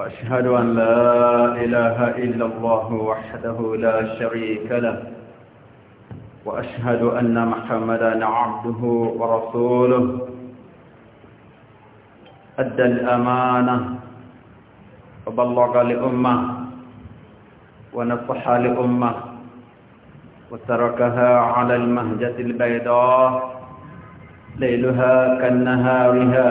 وأشهد أن لا إله إلا الله وحده لا شريك له وأشهد أن محمدا عبده ورسوله أدى الأمانة وبلغ لأمة ونصح لأمة وتركها على المهجة البيضاء ليلها كنهارها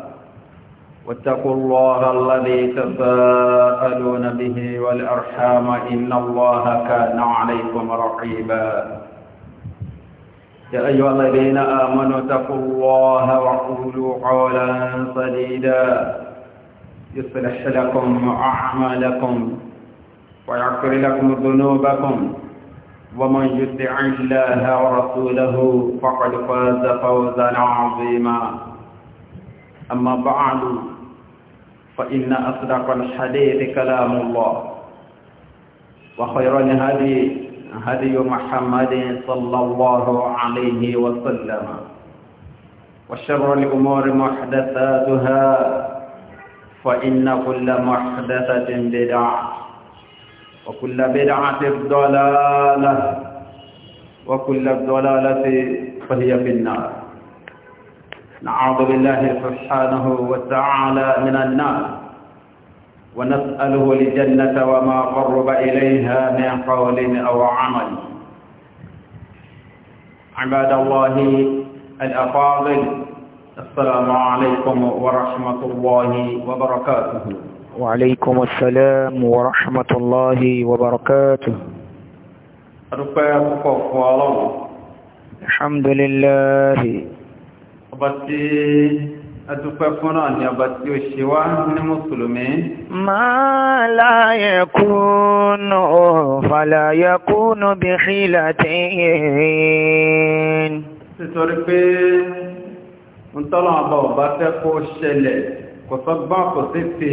واتقوا الله الذي تساءلون به والأرحام إن الله كان عليكم رقيبا يا أيها الذين آمنوا اتقوا الله وقولوا قولا سديدا يصلح لكم أعمالكم ويغفر لكم ذنوبكم ومن يطع الله ورسوله فقد فاز فوزا عظيما أما بعد فإن أصدق الحديث كلام الله وخير الهدي هدي محمد صلى الله عليه وسلم وشر الأمور محدثاتها فإن كل محدثة بدعة وكل بدعة ضلالة وكل ضلالة فهي في النار نعوذ بالله سبحانه وتعالى من النار ونسأله الجنة وما قرب إليها من قول أو عمل عباد الله الأفاضل السلام عليكم ورحمة الله وبركاته وعليكم السلام ورحمة الله وبركاته الحمد لله ọba tí adúpẹ́ fún náà ni ọba tí ó ṣe wá ní mùsùlùmí. máa láyẹ̀ kúnnù fàlàyẹ̀ kúnnù bí kílà tí yìí. títorí pé ń tọ́lọ́ ọba ọba fẹ́ ṣẹlẹ̀ kò sọ́gbọ́n kò sí ti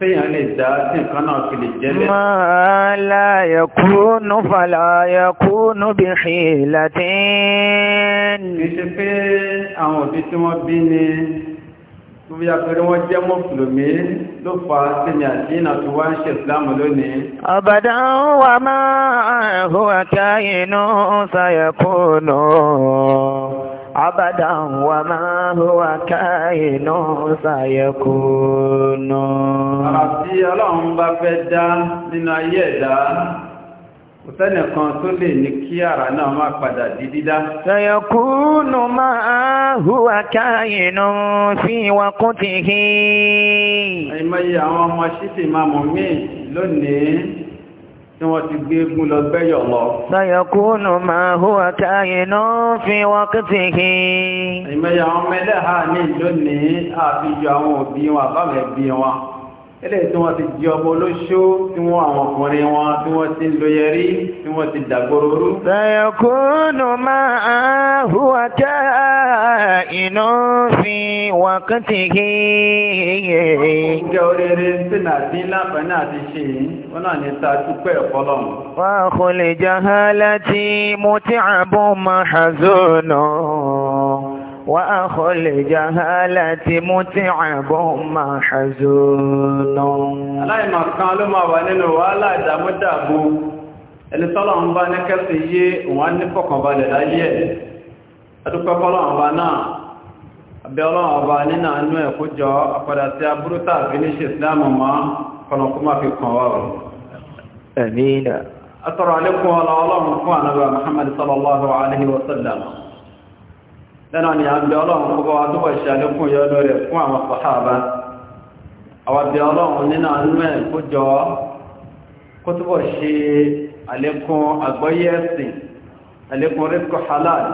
Téèyàn lè dá sí nǹkan náà fi lè jẹ́lẹ̀. Máa láyẹ̀ kúrúnú fàlàyẹ̀ kúrúnú bí ṣe láti ní. Kì í ṣe pé àwọn òbí tí wọ́n bí ni, tó bí apẹ̀rẹ̀ wọ́n jẹ́ mọ́fùlùmí ló ń ṣe ìsìlámù lónìí. Ọ̀bàdà ń wà máa abada wa ma huwa kainu sayakunu. àti ọlọ́run bá fẹ́ dá nínú ayé ẹ̀dá òsẹ́nì kan tó lè ní kí ara náà máa padà di dídá. sayakunu ma huwa kainu fi waqtihi. àìmọye àwọn ọmọ ṣíṣì máa mọ̀ míì lónìí. tí ma ti gbé gún lọ gbẹ́yọ̀ lọ. fi wọn hì. Ìmẹ́yà ọmọ ẹlẹ́hà ní ìlú ní àfijọ obi òbí wọn àbáwẹ̀ eléyìí tí wọ́n ti jí ọmọ olóṣó tí wọ́n àwọn ọkùnrin wọn tí wọ́n ti ń lo yẹrí tí wọ́n ti dàgbòròrú. sẹ̀kúnnù máa hùwà ká iná fi wákàtí kí yẹ. ọkùnrin oríire tí náà ti láǹfààní àti ṣe yìí wọn náà ní ta dúpẹ́ ẹ̀kọ́ wà á kò lè jahalati mo ti àbọ̀ máa hazọ́ náà. وأخو الجهالة متعب محزون لا ما قالوا ما وننو ولا دمدابو ẹni tọ́lọ̀ ń bá ní kẹsì yé wọ́n ní fọkànbalẹ̀ láyé ẹ̀ ẹdúpẹ́ fọ́lọ̀ ọba náà abẹ́ ọlọ́run ọba nínú àánú ẹ̀ kó jọ àpadà sí aburú tàbí ní ṣe ìsìláàmù mọ́ kọ̀nàkú má fi kàn wá ọ̀rọ̀ ẹ̀mí náà lẹ́nà ni a ń bẹ ọlọ́run kó bá wa tó wọ̀ṣẹ́ alékún yọ́nú rẹ̀ fún àwọn sàhábà àwọn bẹ ọlọ́run nínú àánúmẹ̀ kó jọ kó tó wọ̀ ṣe alékún àgbọ́yé ẹ̀sìn alékún rizqu halal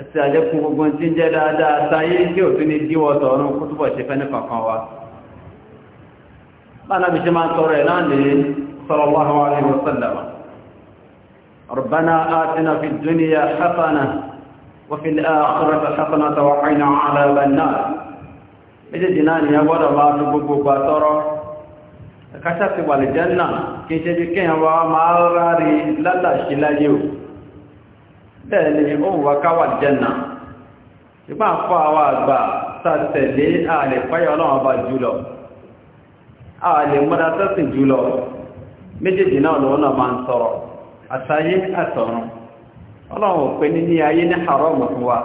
àti alékún gbogbo tí ń jẹ́ dáadáa sáyé tí ò tún ní díwọ́ tọ̀run kó tó wọ̀ ṣe fẹ́ nìkankan wa wa وفي الآخرة حسنة وقنا عذاب النار méjèèjì náà ni a gbọ́dọ̀ máa fi gbogbo gbà tọ́rọ ẹ̀káṣà ti wà lè jẹ́ náà kí ṣe bí kíyàn wá máa rárí lálàṣí láyé o bẹ́ẹ̀ ni ó wà káwà jẹ́ náà ìgbà ń fọ́ àwọn àgbà sàtẹ̀lé ààlè pẹ́yọ̀ ọlọ́wọ́ bá jùlọ ààlè múra sẹ́sìn jùlọ méjèèjì náà lọ́wọ́ náà máa ń sọ̀rọ̀ àtayé àtọ̀run ọlọ́run pè ní ní ayé ní haramu fún wa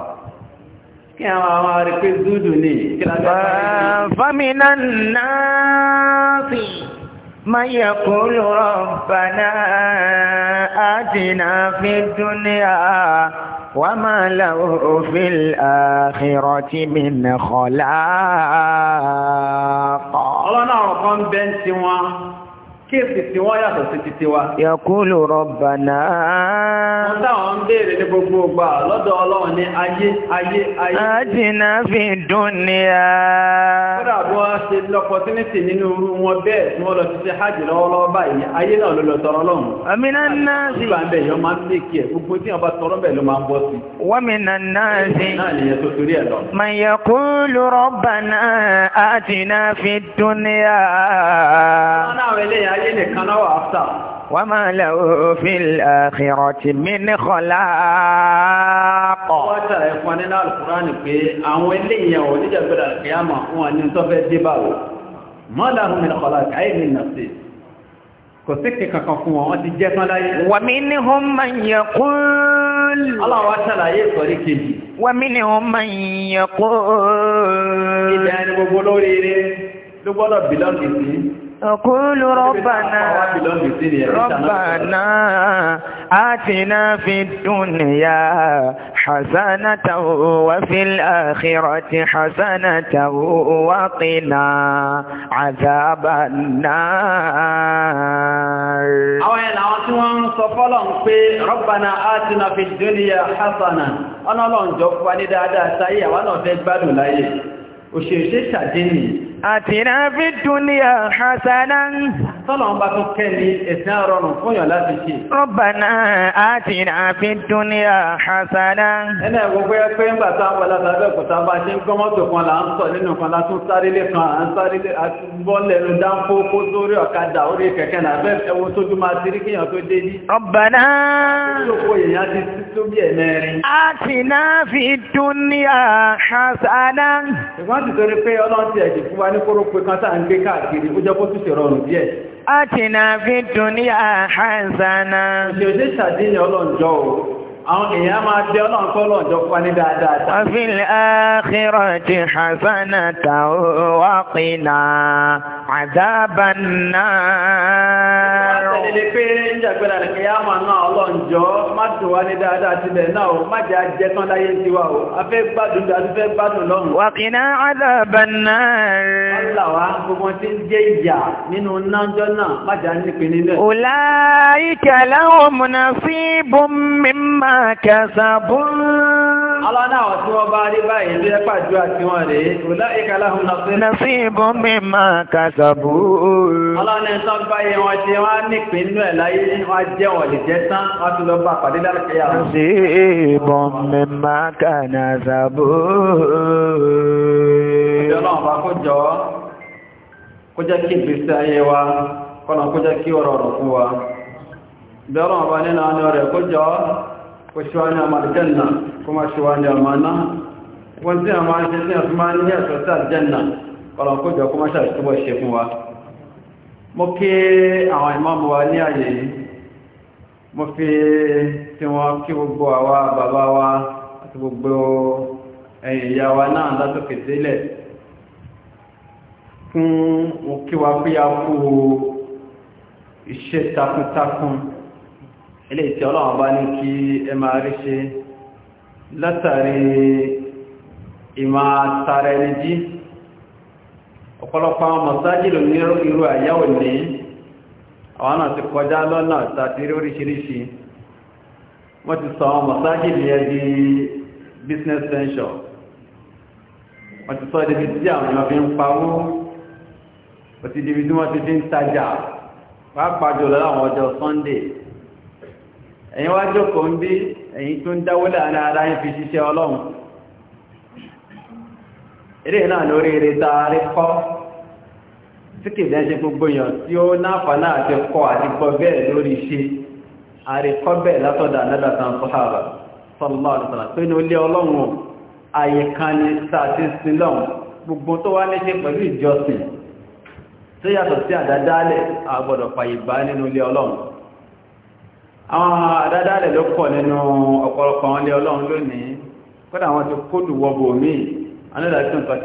kí àwọn àwọn arípé zúdù ní fàmínà náà sí ma yẹ kúrò rọ̀bàná àdínà fi dúnìá wà máa láwọ́ òfin àkìrọ̀ tí wọn kí èsì tí wọ́n yàtọ̀ sí títí wa. Yàkúlù rọ̀bànà. Wọ́n táwọn ń béèrè ní gbogbo ọgbà lọ́dọ̀ ọlọ́run ní ayé, ayé, ayé. Àjìnà fi dùn ní a. Kódà bí ṣe lọ́pọ̀ sí nítì nínú irú wọn bẹ́ẹ̀ tí wọ́n lọ sí ṣe hajj lọ́wọ́lọ́wọ́ báyìí, ayé náà ló lọ tọrọ lọ́hùn. Ọmìnà náà ayé nìkan náà wà áfà. wa ma lahu fil akhirati min khalaq. wọ́n ṣàlàyé fún wa nínú alukurani pé àwọn eléyìí ò ní jẹ́gbẹ́rẹ́ fún wa ní tó fẹ́ dé báwo. ma Ọkùnlù rọ́bàná, rọ́bàná, àtìná fi dúnìyà, ṣàzánátà wà fi l'áàkìrọ̀tì ṣàzánátà wà kìnà àzábàná. Àwọn ẹ̀nà àwọn tí wọ́n ń sọ fọ́lọ̀ ń pé rọ́bàná àtìná fi dúnìyà ṣàzánà, ọ̀nà ọlọ́njọ́ fún wa ní dáadáa sáyé àwọn náà gbádùn láyé àtìná fi dúníà hasana tọ́lọ̀n bá tó kẹ́ ní ẹ̀sìn àrọ̀rùn fún yàn láti ṣe rọ́bàná àtìná fi dúníà hasana ẹ̀nà ìwọ̀gbọ́ ẹ pé ńgbà tó àwọn alátàbẹ̀ kò sábà ṣe ń gọ́mọ́tò kan là ń sọ nínú kan látún sárílé kan à ń sárílé àtúbọ́lẹ̀nu dáńfó kó sórí ọ̀kadà orí kẹ̀kẹ́ náà bẹ́ẹ̀ ẹwọ tójú máa wa ní kóró pé kan tá ń gbé káàkiri ó jẹ́ kó tún ṣèrọrùn díẹ̀. a ti na fi dùn ní àhánsáná. òṣèṣe ṣàdéyàn ọlọ́njọ́ àwọn èèyàn máa jẹ́ ọlọ́run kọ́lọ̀ jọ fún ní dáadáa. wọ́n fi lè ákírọ̀ ti hasana ta wá pínà àdábà náà. wọ́n tẹ̀lé pé ń jàgbéra rẹ̀ kí yáàmà náà ọlọ́run jọ má dùn wá ní dáadáa tilẹ̀ náà o má jẹ́ ajẹ́ láyé tiwa o a gbádùn bí a gbádùn lọ́run. wà kí ná àdábà náà. wọ́n là gbogbo tí ń jẹ́ ìyà nínú nájọ́ náà má jẹ́ nípìn nílẹ̀. ọ̀la ìkàlà òmùnà كسبوا Aláná àwọn tí wọ́n bá rí báyìí ló yẹ pàjú àti wọn rèé, òlá ìkàláhùn nàṣíbù. Nàṣíbù mímọ̀ kàṣàbù. Aláná ẹ̀sán báyìí wọ́n ṣe wá nípìn inú láyé, wọ́n jẹ́ wọ́n lè jẹ́ tán, wọ́n tún lọ bá pàdé kàṣàbù. náà bá kó jọ, kó jẹ́ kí wa, kọ́nà kó jẹ́ وشوانا مع الجنة كما شوانا معنا وانتنا مع الجنة عثمانية سلسة الجنة ولا قد يقوم شاء اشتبه الشيخ مكي أعوى إمام والي عليه mo fi tí wọ́n kí gbogbo àwa bàbá wa àti gbogbo ẹ̀yìn ìyá wa náà látòkè sílẹ̀ fún òkíwa pé a kú iṣẹ́ takuntakun ilé ìtì ọlọ́run bá ní kí ẹ máa rí ṣe látàrí ìmá tààrẹ ní jí ọ̀pọ̀lọpọ̀ àwọn mọ̀sájìlò ní irú àyáwò ní àwọn náà ti kọjá lọ́nà tàbí oríṣiríṣi wọ́n ti sọ àwọn mọ̀sájìlì yẹn di business venture wọ́n ti sọ débi tí àwọn èèyàn fi ń pawó wọ́n ti débi tí wọ́n ti fi ń tajà pàápàá jùlọ láwọn ọjọ́ Sunday ẹ̀yin wá jókòó ń bí ẹ̀yin tó ń ara yín fi ṣiṣẹ́ ọlọ́run eré náà lórí eré taari kọ́ tí kì í gbogbo èèyàn tí ó náfàánà àti kọ́ àti gbọ́ bẹ́ẹ̀ lórí ṣe àríkọ́ bẹ́ẹ̀ látọ̀dà nádàtàn sọ́hàbà sọ́lọ́lá gbogbo àwọn àdádálẹ̀ ló pọ̀ nínú ọ̀pọ̀lọpọ̀ àwọn ilé ọlọ́run lónìí kọ́dà wọn ti kódù wọ́bò míì anílà tí nǹkan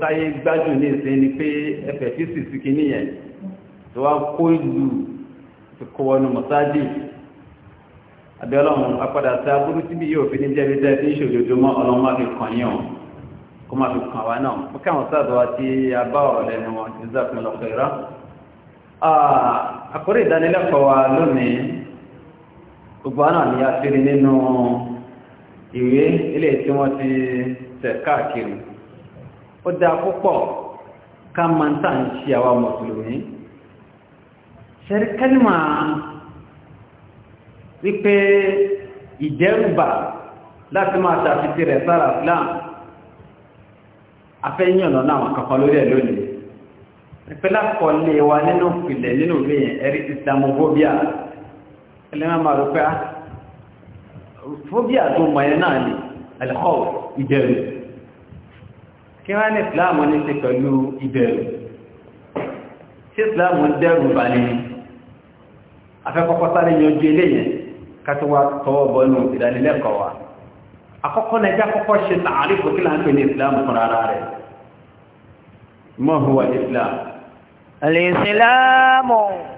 táyé gbájú ní ìsìn ni pé ẹfẹ̀ tí sì sí kí níyẹn tó wá kó ìlú ti kó wọnú mọ̀sájì àbí ọlọ́run apádà sí aburú síbi yóò fi ní jẹ́bi tẹ́ fi ń ṣòjòjúmọ́ ọlọ́run má fi kàn yín o gbogbo àná ni a fèrè nínú ìwé ilé tí wọ́n ti tẹ̀ káàkiri ó dá púpọ̀ ká máa ń tà ń ṣe àwa mùsùlùmí ṣẹ́ríkẹ́lìmà wípé ìjẹ́rùbà láti máa ṣàfihàn rẹ̀ sára Islam afẹ́yìnà náà wọn kankan lórí ẹ̀ lónìí ìpínlẹ̀ kọ̀ọ̀lẹ̀ wa nínú ìpìlẹ̀ nínú ìwé ẹ̀rí islamophobia ẹlẹ́mà máa rò pé á ah, fóbíà tó mọ̀ ẹ̀ náà ni alẹ́kọ́ ìbẹ̀rù kí wọ́n ní ìsìláàmù ní ṣe pẹ̀lú ìbẹ̀rù tí ìsìláàmù ń dẹ́rù bà ní afẹ́kọ́kọ́ sáré yanjú eléyẹn kátówà tọwọ́ bọ́nù ìdánilẹ́kọ̀ọ́ wa akọ́kọ́ na ẹjá kọ́kọ́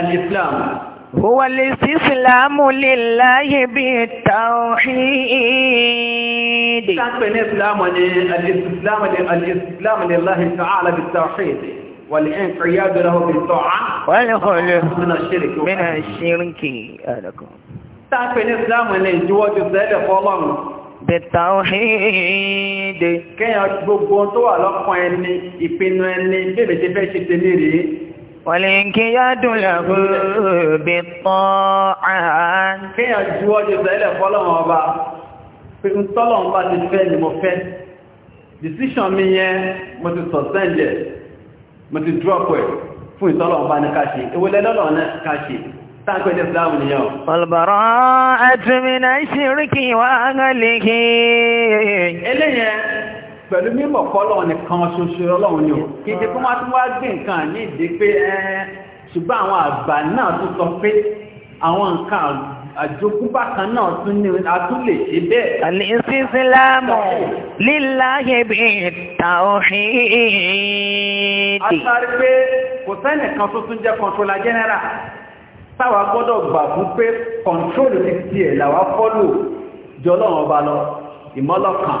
الإسلام هو الاستسلام لله بالتوحيد الإسلام الاستسلام الاستسلام لله تعالى بالتوحيد والانقياد له بالطاعة والخلوة من الشرك من الشرك أهلكم تعرف الإسلام اللي جوات الزالف والله بالتوحيد كي يتبقون طوال أقوى إني يبينوا إني تنيري Wàlíkíyádùn lẹ́kú bí tán àán. Kíyàn ju ọjọ́ ìsẹ́lẹ̀ fọ́lọ́wọ́n ọba, pé ń tọ́lọ̀wọ́n bá mo fẹ́. Decision mi yẹn, mo ti suspend ẹ̀, mo ti drop ẹ̀ fún ìtọ́lọ̀wọ́n bá ní káṣe. Ewélẹ́ lọ́lọ́ náà káṣe. Táàkọ́ ilé ìsìláàmù nìyàn. Ọlbàrá pẹ̀lú mímọ̀ kọ́lọ̀ nìkan ṣoṣo ọlọ́run ni ó kí ti kó máa tún wá gbé nǹkan ní ìdí pé ẹn ṣùgbọ́n àwọn àgbà náà tún sọ pé àwọn nǹkan àjogúnbá kan náà tún ní atún lè ṣe bẹ́ẹ̀. alìsísílámù líláyé bí tàwíìdì. a sáré pé kò sẹ́nì kan tó tún jẹ́ kọ̀ǹtólà general táwa gbọ́dọ̀ gbà fún pé kọ̀ǹtólù ti tiẹ̀ làwa fọ́lù jọlọ́run ọba lọ ìmọ́lọ́kàn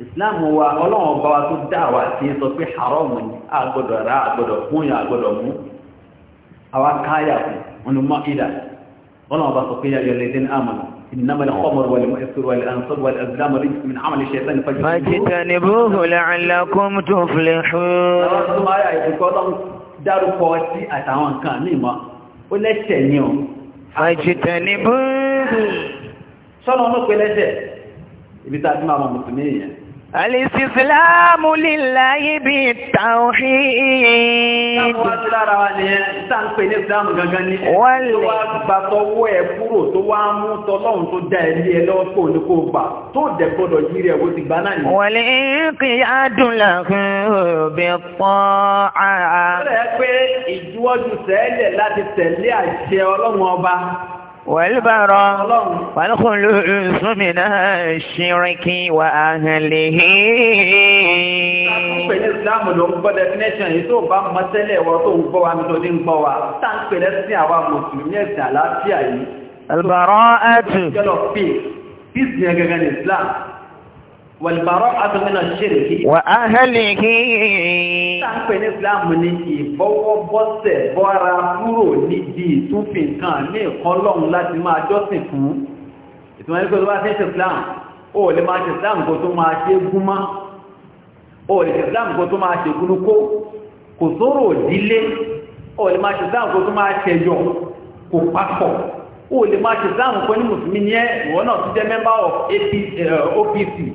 islam wa ọlọ́run ọba wa tó dá wa ti sọ pé haram ni a gbọ́dọ̀ ra a gbọ́dọ̀ fún yà a mú àwa káyà fún ọ̀nà mọ́ ìdá ọlọ́run ọba sọ pé yà yọ lẹ́dẹ́ àmàlà إنما الخمر والمؤثر والأنصاب والأزلام رجس من عمل الشيطان فاجتنبوه لعلكم تفلحون Àwọn àyàfi kọ́ lọ́n dárúkọ ọtí àtàwọn Alìsìsìláàmù lílàyé bí tàwíìd. Táwọn ti lára ẹ̀ kúrò tó wá mú tọlọ́run tó dá ẹ̀lí ẹ lọ́wọ́ kò ní kó gbà tó dẹ̀ gbọ́dọ̀ yí rẹ̀ wo ti gbà náà ni. Wọ́n lè kí adùn làkún òbí pọ́ ara. Ó rẹ̀ pé ìjúwọ́jú sẹ́lẹ̀ láti tẹ̀lé àṣẹ ọlọ́run ọba. والبرى والخلوص من الشرك وأهله pẹ̀lú ìsìláàmù ló ń gbọ́ definition yìí tó bá mọ́ tẹ́lẹ̀ ẹ̀wọ́ tó ń gbọ́ wa tó ní ń gbọ́ wa tán pẹ̀lẹ́ sí àwa mùsùlùmí ẹ̀sìn àlàáfíà yìí albaraatu peace ní ẹgẹgẹ ní islam والبراءة من الشرك وأهله sáàpẹ̀ ní islam ní ìfọwọ́bọ́sẹ̀ bọ́ra kúrò níbi ìtúfin kan ní ìkan lọ́run láti máa jọ́sìn fún ìtumọ̀ ní pé tó bá fẹ́ ṣe islam ó lè máa ṣe islam kó tó máa ṣe gúnmá ó lè ṣe islam kó tó máa ṣe gúnukó kò sóró òdílé ó lè ní mùsùlùmí ní ẹ̀ náà tún jẹ́ member of APC eh,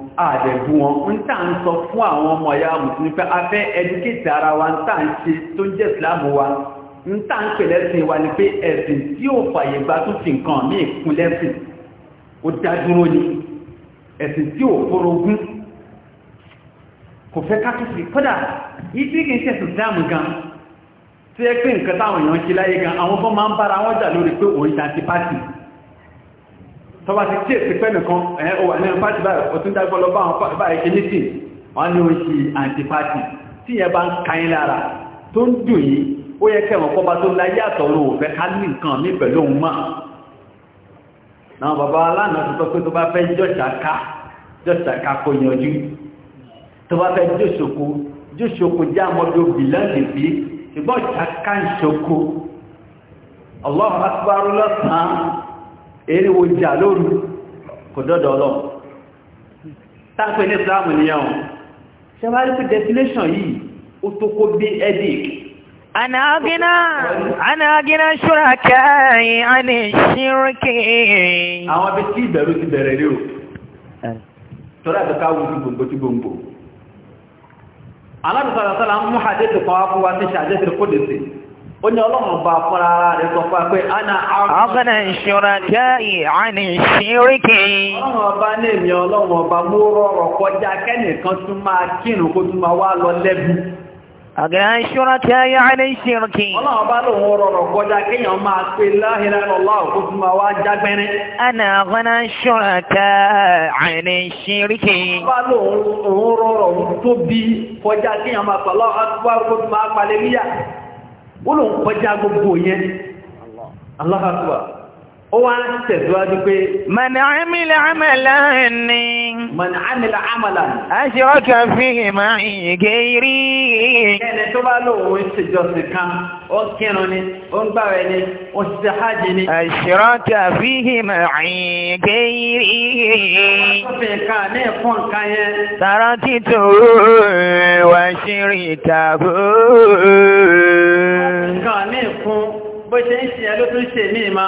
àdẹ̀bù wọn ń tà ń sọ fún àwọn ọmọ ya mùsùlùmí pé a fẹ́ ẹdùkéètì ara wa ń tà ń ṣe tó jẹ́ ìsìlámù wa ń tà ń pè lẹ́sìn wa ni pé ẹ̀sìn tí ó fàyè gba tó fi nǹkan ní ìkún lẹ́sìn ó dádúró ni ẹ̀sìn tí ó forogún kò fẹ́ kátùsì kódà ibi kì í ṣe ìsìlámù gan tí ẹ pé nǹkan táwọn èèyàn ṣe láyé gan àwọn ń bára tọba ti kí èsì fẹ́nìkan ẹ̀ ọwà ní pàtí báyìí o tún dágbọ́ lọ bá àwọn báyìí kí ní tíì wọ́n ní o ṣe àǹtipáàtì tí yẹ bá ń káyín lára tó ń dùn yìí ó yẹ kẹwọn kọba tó láyé àtọ̀rọ òfẹ́ ká ní nǹkan ní pẹ̀lú òun máa náà bàbá aláàánà tó sọ pé tó bá fẹ́ jọ́ṣàká kò yanjú tó bá fẹ́ jọ́ṣòkó jọ́ṣòkó já mọ́dọ̀ bìlọ́ọ̀dì bí ṣùgbọ́n ṣàká ìṣòkó èrè wo jà lóru kò dọ́dọ̀ ọlọ́ tápẹ́ ní ìsìláàmù nìyàn ṣe wá rí pé definition yìí ó tó kó bí edic أنا أغنى أنا أغنى شركائي عن الشرك àwọn bí tí ìbẹ̀rù ti bẹ̀rẹ̀ rí o tọ́lá ìtọ́ká wù sí gbogbo tí gbogbo alábìsọ̀rọ̀sọ́lá ń mú àdéṣe kan Onye ọlọ́run bá fúnra ara rẹ̀ sọ fún pé a na ọgọ́nà ìṣọ́ra jáì ìṣíríkì. Ọlọ́run ọba ní ọlọ́run ọba mú rọrọ̀ kọjá kẹ́nìkan tún máa kó tún máa wá lọ ìṣíríkì. Ọlọ́run ọba lòun rọrọ̀ kọjá máa pe ó lòun kọjá gbogbo yẹn aláhàtúwà ó wá tẹ̀síwájú pé man amila amalan ni man amila amalan ashraka fihi ma'i ghairi ẹni tó bá lóòwò ìṣèjọsìn kan ó kírun ni ó ń gbààwẹ̀ ni ó ṣe hajj ni ashraka fihi ma'i ghairi ọ̀sìn kan ní ìfún nǹkan yẹn ṣe ń ṣe ẹ ṣe ní ìmá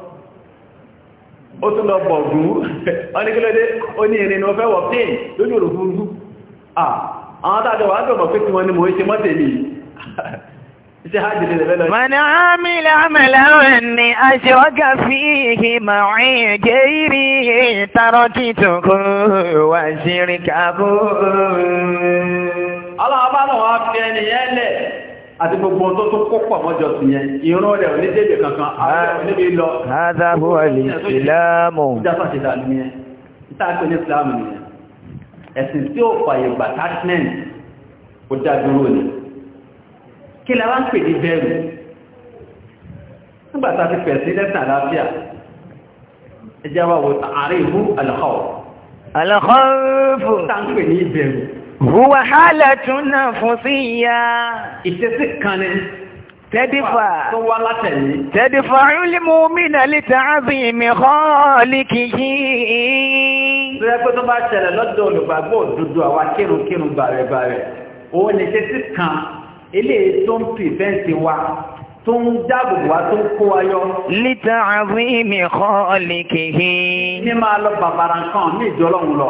ó tún lọ bọ̀ gún ọ́nìkílódé ó ní ìrìn ọ̀fẹ́ wọ̀ pín lójú òrùn fún gún àwọn tàbí wà gbọ̀mọ̀ pé tí wọ́n ni mo ṣe mọ́tẹ̀lì iṣẹ́ hajjìlẹ̀ lẹ́lẹ́ lọ mọ̀nà àmìlẹ̀ àmìlẹ̀ ní aṣọ́gá fi ihe màárín jẹ́ àti gbogbo ọ̀tọ́ tó kópọ̀ mọ́jọ sí yẹn ìran rẹ̀ ní dédé kankan àwọn níbi lọ ààdábò àlè ìsìláàmù ìjáfàṣẹ̀dà ní ẹ ìtàkì ní ìsìláàmù ní ẹ̀sìn tí ó fàyè gbà tásínẹ̀n ó dádúró ní kí la wá ń pè ní bẹ́ẹ̀rù nígbàtà ti pẹ̀ sí lẹ́sìn àlàáfíà ẹjá wa wo ààrẹ ìhú àlàkọ́ àlàkọ́ fún Huwa halatun nafsiyya. Ìṣesí kan ni. Tẹ́dífà. Tó wá látẹ̀lé. Tẹ́dífà ìlímú mínà lè tààbí mi kọ́ líkìkí. Bẹ́ẹ̀ pé tó bá ṣẹlẹ̀ lọ́dọ̀ olùgbàgbọ́ òdodo àwa kírun-kírun bàrẹ̀-bàrẹ̀. Òun ni ṣesí kan, eléyìí tó ń pìfẹ́ǹsì wa tó ń dáàbò wá tó ń kó ayọ́. Lítà àbí mi kọ́ líkìkí. Ní máa lọ bàbàrà kan ní ìjọlọ́run lọ.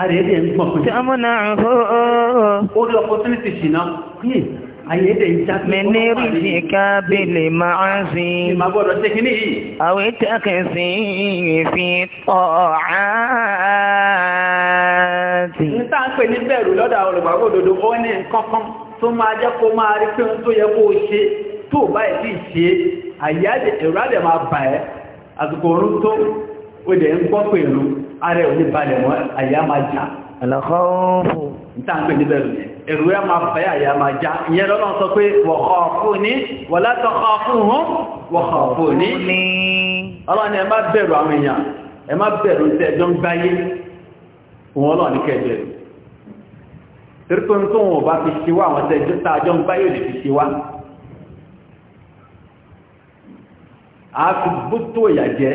àrẹ́dẹ̀ ń gbọ̀n pẹ̀lú. Ṣọ́mọ́nà ọ̀họ́. Ó lọ opportunity ṣìná. Àyẹ́dẹ̀ ìjábí. Mi ní ríṣì kábílì máa ń sí. Ìmà gbọ́dọ̀ ṣe kìíní yìí. Àwẹ́ tẹ́kẹ̀ sí fi tọ̀ áàtì. Ní tá ń pè ní bẹ̀rù lọ́dọ̀ àwọn olùgbàgbọ́ ó ní kankan tó máa jẹ́ ó dẹ̀ ń gbọ́ pẹ̀lú ààrẹ òní balẹ̀ mọ́ àyà máa já aláhọ́ọ̀fù ìtàǹpẹ̀ níbẹ̀ rẹ̀ ẹ̀rù ẹ máa fẹ́ àyà máa já ìyẹn lọ́nà sọ pé wọ̀kọ̀ọ̀fúnni wọ̀látọ̀kọ̀ọ̀fúnhún wọ̀kọ̀ọ̀fúnni ọlọ́ni ẹ má bẹ̀rù àwọn èèyàn ẹ má bẹ̀rù tẹ́jọ ń gbáyé fún ọlọ́ni kẹjẹ̀rù tírítún tó wọn bá fi ṣíwá àwọn tẹ́jọ ń gbáyé lè fi ṣíwá a fi gbótó ìyàjẹ́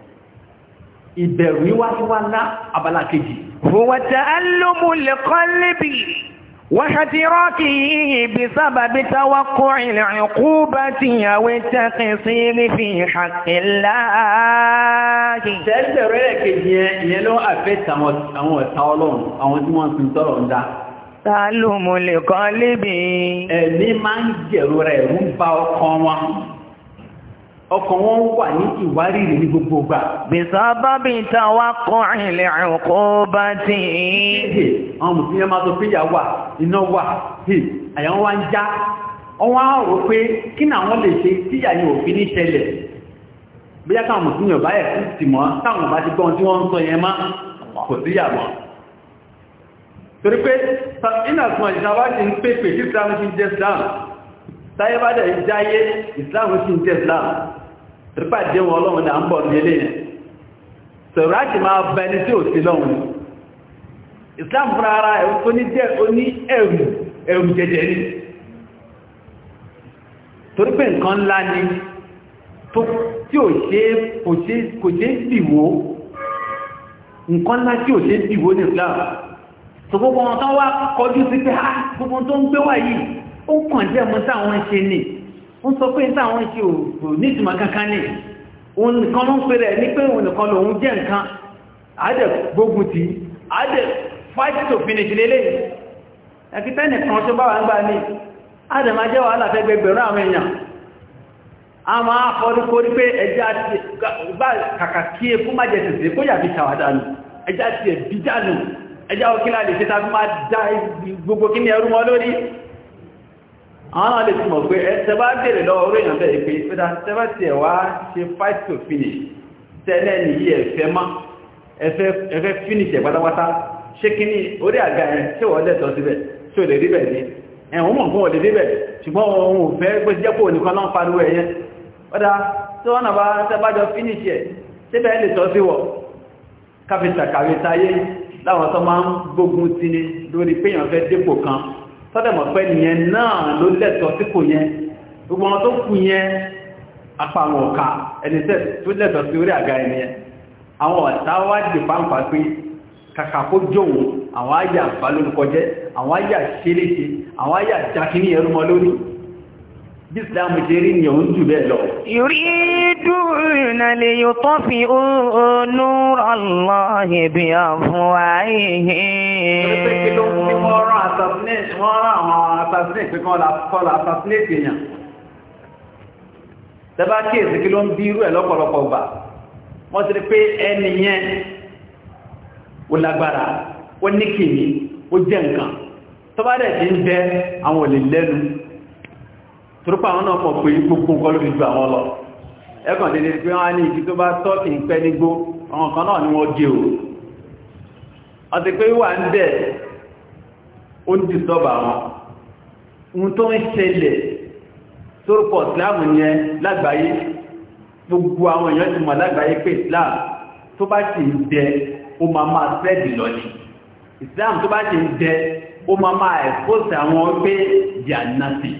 ìbẹ̀rù wíwáwíwá ńlá abala kejì. Fòwàtà alómù lè kọ́ lébi, wọ́n ṣàtírọ́ kì í bí sábàbí táwà kó ìrìn kú bá ti yàwó tẹ́kì sí nífi ìhàkìlá. Tẹ́lẹ̀ rẹ̀ ọkàn wọn wà ní ìwárìrì ní gbogbo ọgbà. bìsábàbí táwa kọ́ ilẹ̀ ọkọ̀ bá ti. àwọn mùsùlùmí máa sọ pé ìyà wà iná wà já ọwọ́n á rò pé kí náà wọ́n lè ṣe tíyà ní òfin ní ṣẹlẹ̀ bí yá káwọn mùsùlùmí ọ̀bá ẹ̀ fún ti mọ́ táwọn ọ̀bá ti gbọ́n tí wọ́n ń sọ yẹn má kò síyà mọ́ torí pé iná fún ìjọba ti ń pèpè tí islam ti ń jẹ́ islam táyé bá islam ti ń jẹ́ islam rípa jẹun ọlọ́run náà ń bọ̀ ní ilé yẹn sọ̀rọ̀ láti máa bẹ ní tí ò sí lọ́run islam fún ara ẹ̀rù tó ní jẹ́ oní ẹ̀rù ẹ̀rù jẹjẹ ní torí nǹkan ńlá ni tí ò ṣe kò ṣe bìwó nǹkan ńlá tí ò ṣe bìwó ní islam tó gbogbo wọn tán wá kọjú sí pé ah, gbogbo tó ń gbé wà yìí ó kàn jẹ́ mọ́ táwọn ṣe ni ń sọ pé táwọn ṣe ò nítumọ̀ kankan ní òun nìkan ló ń pèrè ní pé òun nìkan lòun jẹ́ nǹkan àádẹ́ gbógun tí àádẹ́ fight to finish lélẹ̀ ẹ̀kítẹ́nì kan tó bá wà ń gbà ní àádẹ́ máa jẹ́ wàhálà fẹ́ gbẹgbẹ̀rún àwọn èèyàn e fún májẹ̀ tẹ̀sẹ̀ kó yà fi ṣàwádà nù ẹjá ti ẹ̀bí dànù ni ẹrú àwọn náà lè ti mọ̀ pé ẹ̀tẹ́bá bèèrè lọ orí èèyàn bẹ́ẹ̀ pé pẹ́dá tẹ́bá ti ẹ̀wà ṣe fight to finish tẹ́lẹ̀ ní yí ẹ̀fẹ́ má ẹ̀fẹ́ finish ẹ̀pátápátá ṣé kí ní orí àga ẹ̀ ṣé wọ́n lẹ́tọ̀ síbẹ̀ ṣé ò lè rí bẹ̀ ní ẹ̀wọ̀n mọ̀ fún ọ̀lẹ́ níbẹ̀ ṣùgbọ́n òun ò fẹ́ gbé jẹ́ pò nìkan náà pariwo ẹ̀yẹn ọ̀dá tí wọ́n náà bá tẹ́bájọ finish ẹ̀ síbẹ̀ lè tọ́ sí wọ̀ káfíńtà kàwé táyé láwọn tó máa ń gbógun ti ni lórí péyàn fẹ́ dépò kan sọ́dẹ̀mọ̀ pẹ́ nìyẹn náà ló lẹ́tọ̀ọ́ sí kò yẹn gbogbo wọn tó kù yẹn apàwọn ọ̀ka ẹni tó lẹ́tọ̀ọ́ sí orí àga ẹni àwọn ọ̀tá wá dì pàǹpà pé kàkà kó jóun àwọn ayà bá lórúkọjẹ́ àwọn ayà ṣe assassinate wọ́n rán àwọn assassinate pé kán kọ́lá assassinate èèyàn tẹ́bá kí èsì kí ló ń bí irú ẹ̀ lọ́pọ̀lọpọ̀ gbà wọ́n ti rí pé ẹni yẹn ó lágbára ó ní kìíní ó jẹ́ nǹkan tọ́bá dẹ̀ ti ń bẹ àwọn olè lẹ́nu torípa àwọn náà mọ̀ pé gbogbo nǹkan ló fi ju àwọn lọ ẹ̀kàn dédé pé wọ́n á ní ibi tó bá tọ́kì ń pẹ́ nígbó àwọn kan náà ni wọ́n gé o àti pé wà ń bẹ̀ ó ń disọ́bà wọn ohun tó ń ṣẹlẹ̀ sórúkọ̀ ìsìláàmù yẹn lágbàáyé gbogbo àwọn èèyàn ti mọ̀ lágbàáyé pé ìsìláàmù tó bá ti ń dẹ ó máa máa sẹ́ẹ̀dì lọ ni ìsìláàmù tó bá ti ń dẹ ó máa máa ẹ̀fọ́sẹ̀ àwọn pé they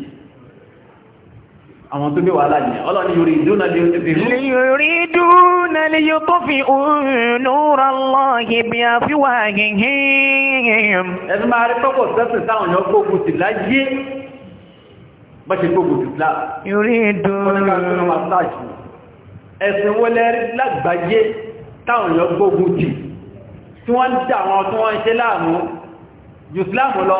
àwọn tó ní wàhálà ní ọlọ́ni yorí ìdúnà lè fi rú. yorí ìdúnà lè yóò tó fi ònúra lọ́ọ̀hì bí a fi wà gẹ̀gẹ́. ẹni máa rí pọ́pọ̀ sẹ́sìn táwọn yọ gbógun sí láyé bá ṣe gbógun sí lá. yorí ìdúnà ẹ̀sìn wọlé lágbàáyé táwọn yọ gbógun sí tí wọ́n ń dà àwọn tí wọ́n ń ṣe láàmú jù síláàmù lọ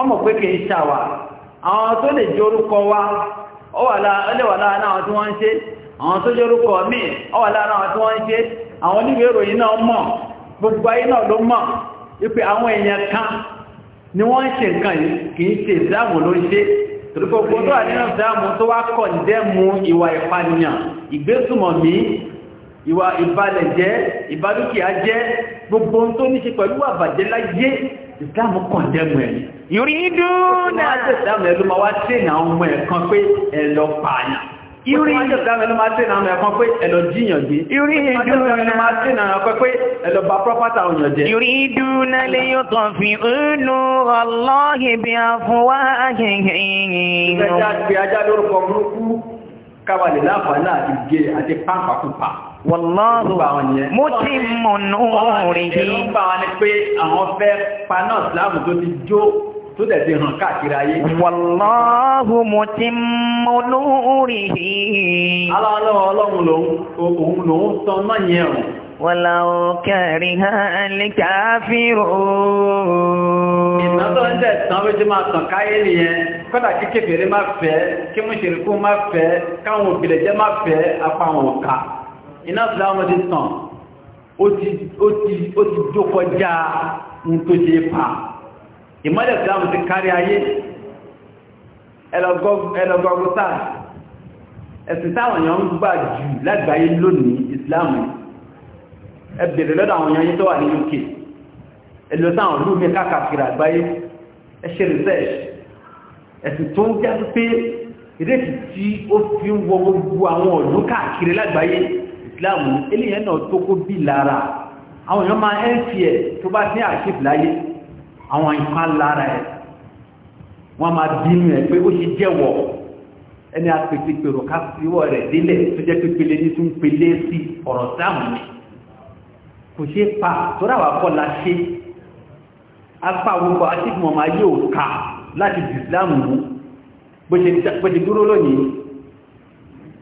ọmọ pé kì í ṣà àwọn tó lè jẹ orúkọ wa ó wà láàrín tí wọ́n ṣe àwọn tó jẹ orúkọ míì ó wà tí wọ́n ń ṣe àwọn oníwèé ìròyìn náà mọ̀ gbogbo ayé náà ló mọ̀ wípé àwọn èèyàn kan ni wọ́n ṣe nǹkan kì í ṣe ìsìláàmù ló ṣe ìwà ìbádúkìá jẹ́ gbogbo tó islam kàn dẹ́mu ẹ̀ yorí dúnà àti islam ẹ̀ ló máa wá tí ìnà ọmọ ẹ̀ kan pé ẹ lọ pààyàn yorí islam ẹ̀ ló máa tí ìnà ẹ̀ kan pé ẹ lọ jíyàn gbé yorí dúnà ẹ̀ ló máa tí ìnà ọmọ pé ẹ lọ bà pọ́pátà òyàn jẹ́ yorí dúnà lè yóò tàn fi ònú ọlọ́hìn bí a fún wá àjẹyìn Wàláhù mo ti mọ̀ náà rí rí. Ẹ̀rọ ń bá wa ní pé àwọn fẹ́ paná ìsìláàmù tó ti jó tó dẹ̀ ti hàn káàkiri ayé. Wàláhù mo ti mọ̀ náà rí rí. Aláwọ̀ ọlọ́run lòun lòun sọ náà lè káfíró. Ìnáwó ń dẹ̀ tán ló jẹ́ máa tàn káyé nìyẹn kọ́dà kí kékeré má fẹ́ kí mú ṣèrìkú má fẹ́ káwọn òbílẹ̀jẹ́ má fẹ́ apá wọn iná ìsìlámọ́dé sàn ó ti dókọjá ń tó ṣe pa ìmọ́lẹ̀ ìsìlámù ti kárí ayé ẹlọgọgọta ẹ̀sìn táwọn èèyàn ń gbà jù lágbàáyé lónìí ìsìlámù ẹ bèèrè lọ́dọ̀ àwọn èèyàn yìí tó wà ní UK ẹlọ táwọn olú mi káàkiri àgbáyé ẹ ṣe research ẹ̀sìn tó ń jẹ́ pé ìrètí tí ó fi ń wọ gbogbo àwọn ọ̀dún káàkiri lágbàáyé islam eléyẹn náà tó kó bí lára àwọn èèyàn máa ń fi ẹ̀ tó bá ní àṣìf láyé àwọn nǹkan lára ẹ̀ wọ́n máa bínú ẹ̀ pé ó ṣe jẹ́wọ̀ ẹni apètèpèrò ká fiwọ́ rẹ̀ délẹ̀ tó jẹ́ pépele ní tún pélé sí ọ̀rọ̀ sáàmù ni kò ṣe pa tọ́rọ àwọn akọ́lá ṣe apá gbogbo àṣìf mọ̀ máa yóò ká láti dìslámù mú bó ṣe dúró lónìí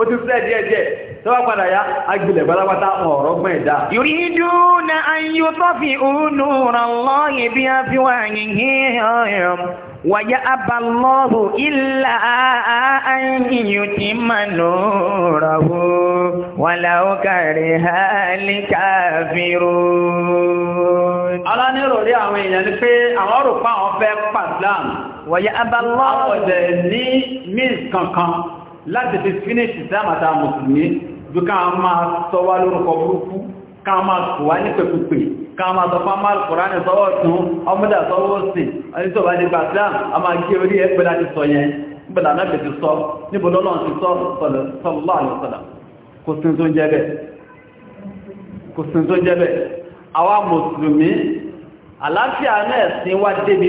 ó ti fẹ́ díẹ̀ díẹ̀ tó wá padà yá agbìlẹ̀ balabata ọ̀rọ̀ gbọ́n ẹ̀dá. yòrídú na ayò tọ́fì ònú rànlọ́yìn bí a fi wà yìí ọ̀rọ̀ wàyà abalọ́hù ilà ayò tí mà nùràwò kàrí hàlì káfíró. alánirò àwọn èèyàn ni pé àwọn rò pa àwọn fẹ́ pàdánù. wàyà abalọ́hù. ọ̀dẹ̀ ní mí kankan. láti fi finish ìsáàmàta mùsùlùmí bí ká máa sọ lórúkọ burúkú ká máa kò ní pẹ̀kùpẹ̀ ká máa sọ fá máa kòránì sọ́wọ́ tún ọmọdà sọ́wọ́ sí ọdítọ̀bá nígbà islam a máa gé orí sọ yẹn gbẹ̀lá sọ sọ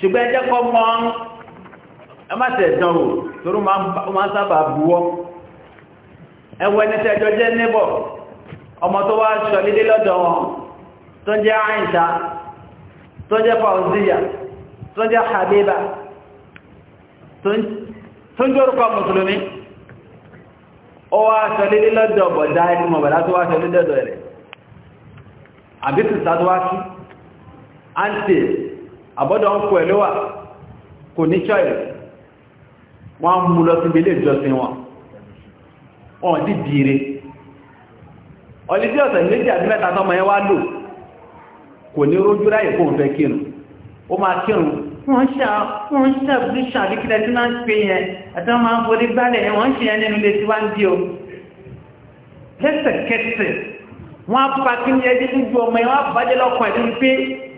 ṣùgbọ́n ẹjẹ́ kọ́ mọ́ ẹ má tẹ̀ dán o torí ó máa ń sábà buwọ́ ẹwọ ẹni tẹ́ ẹjọ́ jẹ́ níbọ̀ ọmọ tó wá ṣọ lílé lọ́dọ̀ wọn tó ń jẹ́ àìsà tó ń jẹ́ fauziya tó ń jẹ́ habiba tó ń jórúkọ mùsùlùmí ó wá ṣọ lílé lọ́dọ̀ bọ̀dá ẹni mọ̀ bọ̀dá tó wá ṣọ lílé lọ́dọ̀ rẹ̀ àbí tìta tó wá sí àǹtì àbọ́dọ̀ ń kò ẹ̀lọ́wà kò ní ṣọ́ẹ̀ wọ́n mú lọ sí ilé ìjọsìn wọn wọ́n dì dìíre ọlídí ọ̀sẹ̀ méjì àti mẹ́ta tọ́mọ yẹn wá lò kò ní rójú ráyè kó ń fẹ́ kírun ó máa kírun wọ́n ṣàbí ṣàbíkílẹ̀ tí máa ń pè yẹn àtọ́ máa ń forí gbálẹ̀ yẹn ṣe yẹn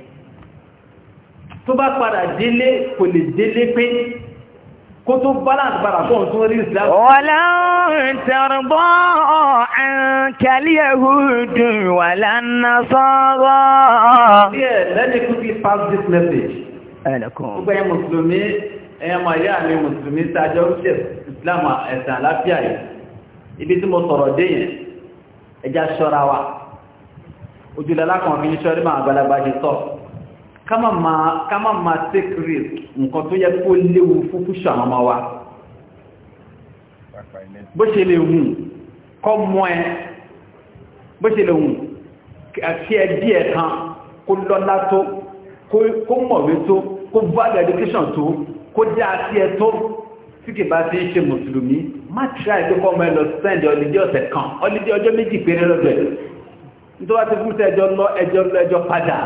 tó bá padà délé kò lè délé pé kó tó balance padà fún ọ̀tún orí islam. wọ́lá ń tẹ̀rùbọ́ àǹkálí ẹ̀húdù wà lánà sọ́rọ̀. sí ẹ lẹ́ni kú fi pass this message. ẹnìkan. gbogbo ẹ̀yin mùsùlùmí ẹ̀yin ọmọ ayé àmì mùsùlùmí sáájọ́ ṣe islam ẹ̀sìn àlàáfíà yìí ibi tí mo sọ̀rọ̀ dé yẹn ẹja ṣọ́ra wa ojúlẹ̀ alákọ̀ọ́ ní sọ́rí máa gbalagbà ṣe kama ma kama ma take risk nǹkan tó yẹ kó léwu fún fúṣọ àwọn ọmọ wa bó ṣe lè hùn kọ́ mọ́ ẹ bó ṣe lè hùn àti ẹbí ẹ̀ kan kó lọ́lá tó kó mọ̀wé tó kó value education tó kó dá sí ẹ tó tí kì bá ti ń ṣe mùsùlùmí má tíra ìgbé kọ́ ọmọ ẹ lọ sẹ́ndì ọlídé ọ̀sẹ̀ kan ọlídé ọjọ́ méjì péré lọ́dọ̀ ẹ̀ nítorí wá ti fún ẹjọ́ lọ ẹjọ́ lọ ẹjọ́ padà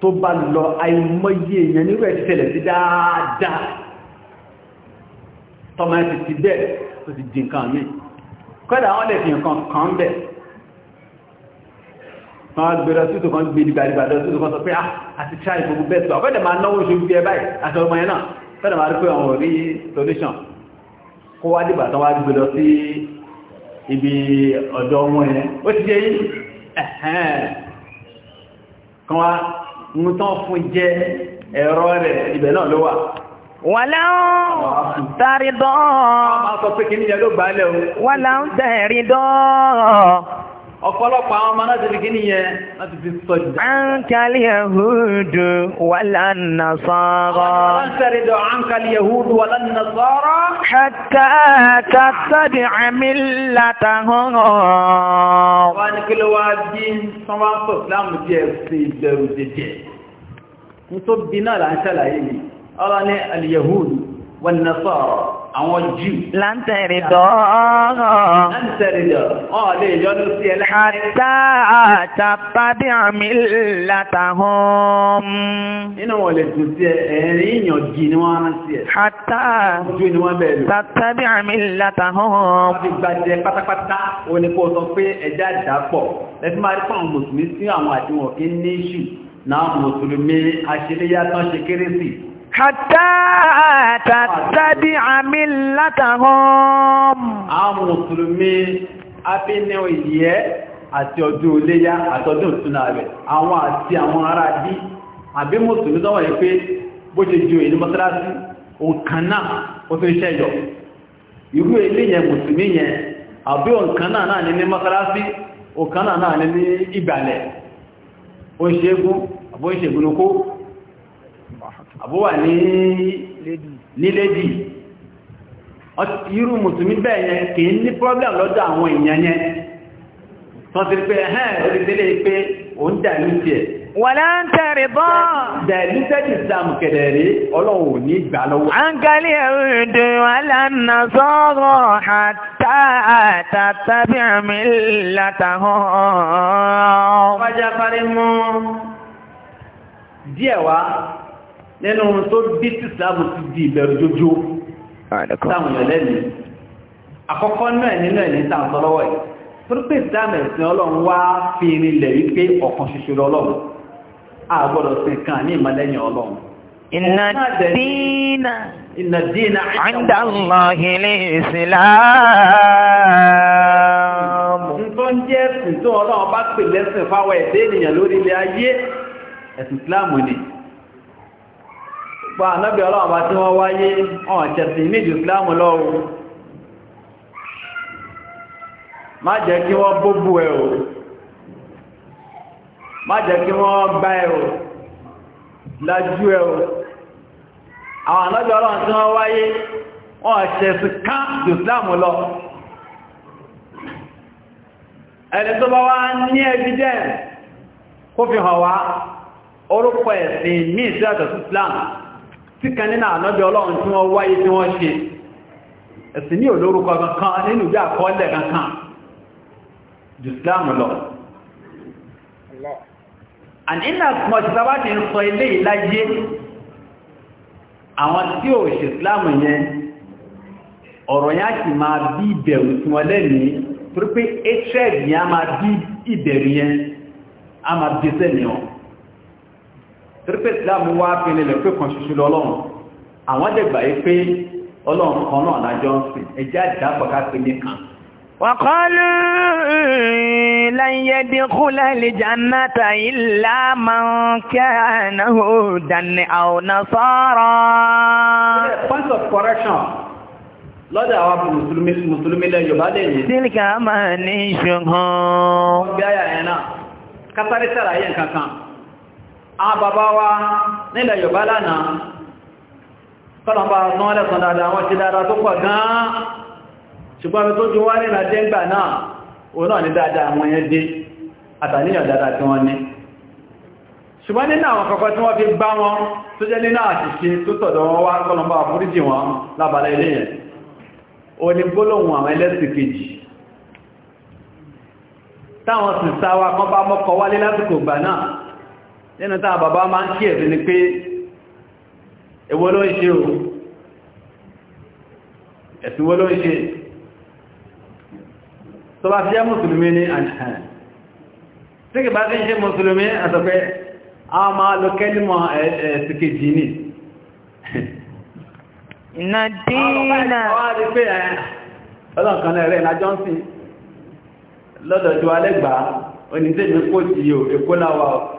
tó bá lọ àìmọye èèyàn nírò ẹ̀ tẹ́lẹ̀ sí dáadáa tọ́mọ ẹ̀ ti bẹ́ tó ti di nǹkan mí kọ́dà wọ́n lè fi nǹkan kan bẹ̀ wọ́n gbẹ̀rọ títò kan gbé ìgbàlìbàdọ títò kan sọ pé àti ah, try gbogbo bẹ́ẹ̀ sọ ọ̀fẹ́dẹ̀ máa náwó oṣù bí ẹ báyìí àti ọmọ ẹ̀ náà fẹ́dẹ̀ máa rí pé àwọn orí solution kó wá dìgbà tán wá gbẹ̀rọ sí ibi ọ̀dọ̀ ọmọ ẹ̀ ó ti jẹ́ yìí ẹ̀hẹ́n kan wá ń tán fún jẹ́ ẹ̀rọ rẹ̀ ibẹ̀ náà ló wà Wàláhùn tàrídọ́. Wọ́n máa sọ pé kí ní ọ̀pọ̀lọpọ̀ àwọn ọmọ náà ti fi kíní yẹn láti fi sọ́jú. ankali yahudu wàlá nasọ́rọ̀. wọ́n sẹ́rí dọ̀ ankali yahudu wàlá nasọ́rọ̀. ṣàtà tàtàdì àmìlà tàhún ọ̀. wọ́n ní kí ló wá bí sọ́wọ́n sọ láàmú díẹ̀ sí ìbẹ̀rù jẹjẹ. nítorí bí náà là ń ṣàlàyé yìí ọlọ́ni aliyahudu والنصارى àwọn jù. láńtẹ̀rì dọ́ọ̀rọ̀. láńtẹ̀rì dọ́ọ̀rọ̀. ọ̀ lè yọnu sí ẹ láti. àtà àtàpàdé àmì látàhùn. nínú wọn lè tún sí ẹ̀rín ìyànjú ni wọ́n rán sí ẹ. àtà ojú ni wọ́n bẹ̀rù. tàtàbí àmì látàhùn. wọ́n fi gbajẹ pátápátá òní kò sọ pé ẹja dàpọ̀ lẹ́tí máa rí fún mùsùlùmí sí àwọn àtiwọ̀n kí ní ìṣù náà mùsùlùmí aṣèléyàtọ̀ ṣe kérésì Kàtà tàbí àmì látàrán. a Mùsùlùmí Abínú ìyẹ́ àti ọdún Iléyá àtọdún ìtúnà rẹ̀, àwọn àti àwọn ará bí, àbí Mùsùlùmí tọ́wọ̀ yẹ pé bó ṣe ju èyí mọ́sálásí, òǹkan náà ó fi ṣẹ́ yọ. Irú ilé yẹn Mùsùlùmí yẹn, àbí òǹkan náà náà ní ní òǹkan náà náà ní ìgbàlẹ̀, ó ṣe àbó ń ṣe àbúwà ní lédì irú mùsùlùmí bẹ́ẹ̀ yẹn kì í ní problem lọ́dọ̀ àwọn èèyàn yẹn tó ti pé ẹ̀hẹ́n orílẹ̀-èdè pé òun dàlú ti ẹ̀ wàlá ń bọ́ dẹ̀lú tẹ́lì ìsìlámù kẹ̀dẹ̀ ọlọ́run nínú ohun tó dí tí ìsìláàmù ti di ìbẹ̀rù jójó táwọn èèyàn lẹ́nu àkọ́kọ́ náà nínú ẹ̀ ní tàǹtọ́lọ́wọ́ ẹ̀ torí pé ọlọ́run wá fi irin wípé ọ̀kan ṣoṣo lọ́lọ́run a gbọ́dọ̀ kan ní ìmọ̀lẹ́yìn ọlọ́run Inna dina inda Allahi pa ànábì ọlọ́run bá tí wọ́n wáyé ọ̀n tẹ̀sí nídìí ìsìláàmù lọ́wọ́ má jẹ́ kí wọ́n bóbú ẹ o má jẹ́ kí wọ́n ẹ o lájú ẹ o àwọn ànábì ọlọ́run tí wọ́n wáyé ọ̀n tẹ̀sí ká islamu lọ ẹni tó bá wá ní kó fi hàn wá orúkọ tí kan nínú ànábẹ́ ọlọ́run tí wọ́n wáyé tí wọ́n ṣe ẹ̀sìn ní olórúkọ kankan nínú bí àkọọ́lẹ̀ kankan jù lọ and iná mọ̀síláwá ti ń sọ ilé ìláyé àwọn tí ò ṣe sílámù yẹn ọ̀rọ̀ yá sì máa bí ìbẹ̀rù tí wọ́n lẹ́ni torípé atred yẹn a máa bí ìbẹ̀rù yẹn a máa bí sẹ́ni wọn tírpé ìsìláàmù wá fi nílẹ̀ pé kan ṣoṣo lọ́lọ́run àwọn dẹ̀gbà yí pé ọlọ́run kan náà lájọ́ ń sìn ẹjẹ́ àdápọ̀ká pé nìkan وقالوا لن يدخل الجنة إلا من كان هودا أو نصارى point of correction lọ́dọ̀ àwọn mùsùlùmí lẹ Yorùbá lè yìí sílìkà máa ní ṣùgbọ́n bí ẹ̀nà kátàrí sára yẹn kankan àwọn bàbá wa nílẹ̀ Yorùbá lánàá kọ́lọ̀mbà náà lẹ́sàn dáadáa wọ́n ti dáadáa tó pọ̀ gan-an ṣùgbọ́n tó jú wá nínà jẹ́ ńgbà náà o náà ní dáadáa wọn yẹn dé àtàníyàn dáadáa tí wọ́n ní ṣùgbọ́n nínú àwọn kọ̀kọ́ tí wọ́n fi gbá wọn tó jẹ́ nínú àṣìṣe tó tọ̀dọ̀ wọn wá kọ́lọ̀mbà fúríjì táwọn sì sáwà kan bá mọ́kọ wálé lásìkò gbà náà nínú tàà bàbá máa ń kíyèsí ni pé èwo ló ń ṣe o ẹ̀sìn wo ló ń ṣe tó bá fi jẹ́ mùsùlùmí ní àṣàn tí kì bá fi ń ṣe mùsùlùmí àtọ̀pẹ́ a máa lo kẹ́lìmọ̀ ẹ̀ẹ̀sìkèjì ní nàdínà ọlọ́kan rẹ̀ na johnson lọ́dọ̀jọ́ alẹ́gbàá onítẹ̀mí kó ti yóò èkó láwàá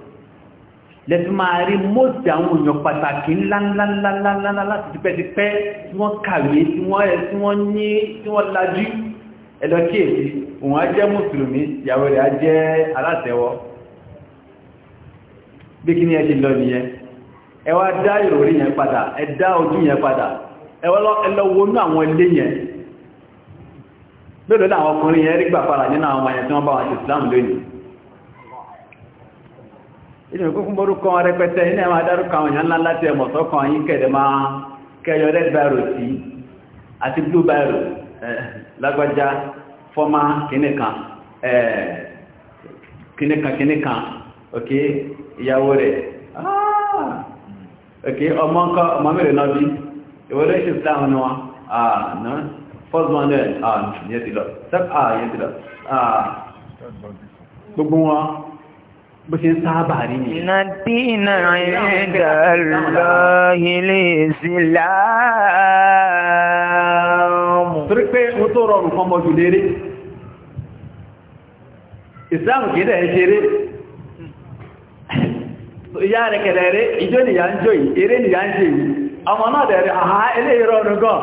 lẹ́fí máa rí mọ́sí àwọn èèyàn pàtàkì ńláńláńláńlá láti tipẹ́tipẹ́ tí wọ́n kàwé tí wọ́n ẹ̀ tí wọ́n ní tí wọ́n lajú ẹlọ́kí èsì òun a jẹ́ mùsùlùmí ìyàwó rẹ̀ a jẹ́ alátẹ̀wọ́ bí kí ẹ ti lọ nìyẹn dá ìròrí yẹn padà ẹ ìdí òkú fún borúkọ rẹpẹtẹ iná ẹ̀mà dárúkọ àwọn èèyàn ńlá láti ẹ̀mọ̀ tọ́kàn yí kẹ̀dẹ̀ máa kẹyọ red biro sí àti blue biro eh, lágbájá fọ́má kìnìkan eh, kìnìkan kìnìkan òkè ìyàwó rẹ̀ òkè ah, ọmọ ńkọ́ ọmọ mẹ́rin náà bí ìwọlé ìṣìṣẹ́ ni wọn àná ah, first one náà ah, yẹn ti lọ gbogbo bó ṣe ń sáábà rí ni. Nàdínà ìdàlọ́hì lè sí láàmù. Torí pé o tó rọrùn kan mọ́jú léré. Ìsìláàmù kìí dẹ̀ ṣeré. Ìyá rẹ̀ kẹ̀rẹ̀ rẹ̀, ìjó nìyà ń jó yìí, eré nìyà ń ṣe yìí. Ọmọ náà dẹ̀ rẹ̀, àhá ilé ìrọ̀rùn gan.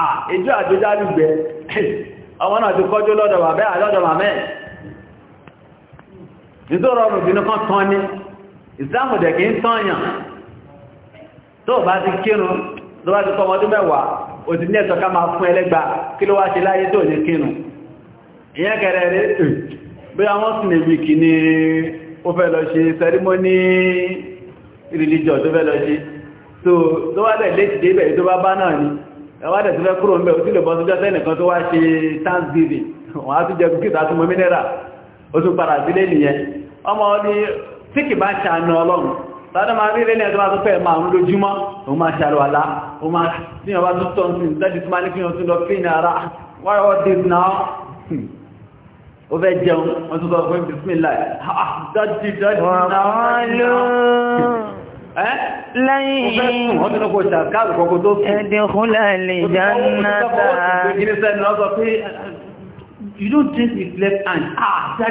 À, ìjó lùgbẹ́. Ọmọ náà ti kọjú lọ́dọ̀ bàbẹ́ àlọ́dọ̀ màmẹ́ nítorí ọrùn bí nìkan tán ní ìsìláàmù dẹ̀ kìí tányàn tó bá ti kírun tó bá ti kọ́ ọmọdún mẹ́wàá o ti ní ẹ̀tọ́ ká máa fún ẹlẹ́gbà kí ló wá ṣe láyé tó ní kírun ìyẹn kẹrẹ rẹ̀ bí àwọn sì ní wíkì ní ó fẹ́ lọ ṣe sẹ́rímọ́ní ìrìlìjọ tó fẹ́ lọ ṣe tó wá dẹ̀ léṣì débẹ̀ tó bá bá ni ẹwà padà sílé nìyẹn ọmọ ọdí tí kì bá ṣàánú ọlọ́run tàbí ma rí lẹ́lẹ́ ẹ̀dọ́bá tó fẹ́ máa ń lójúmọ́ o máa ṣàlọ́wàlá o máa tí ọba tó tọ́ sí ìdájú tó máa ní kíyàn tó lọ fi ní ara why all this now o fẹ́ jẹun wọ́n tó sọ fún bismillah dájú dájú náà lẹ́yìn ẹ̀dẹ̀kúnlẹ̀ lè jẹ́ náà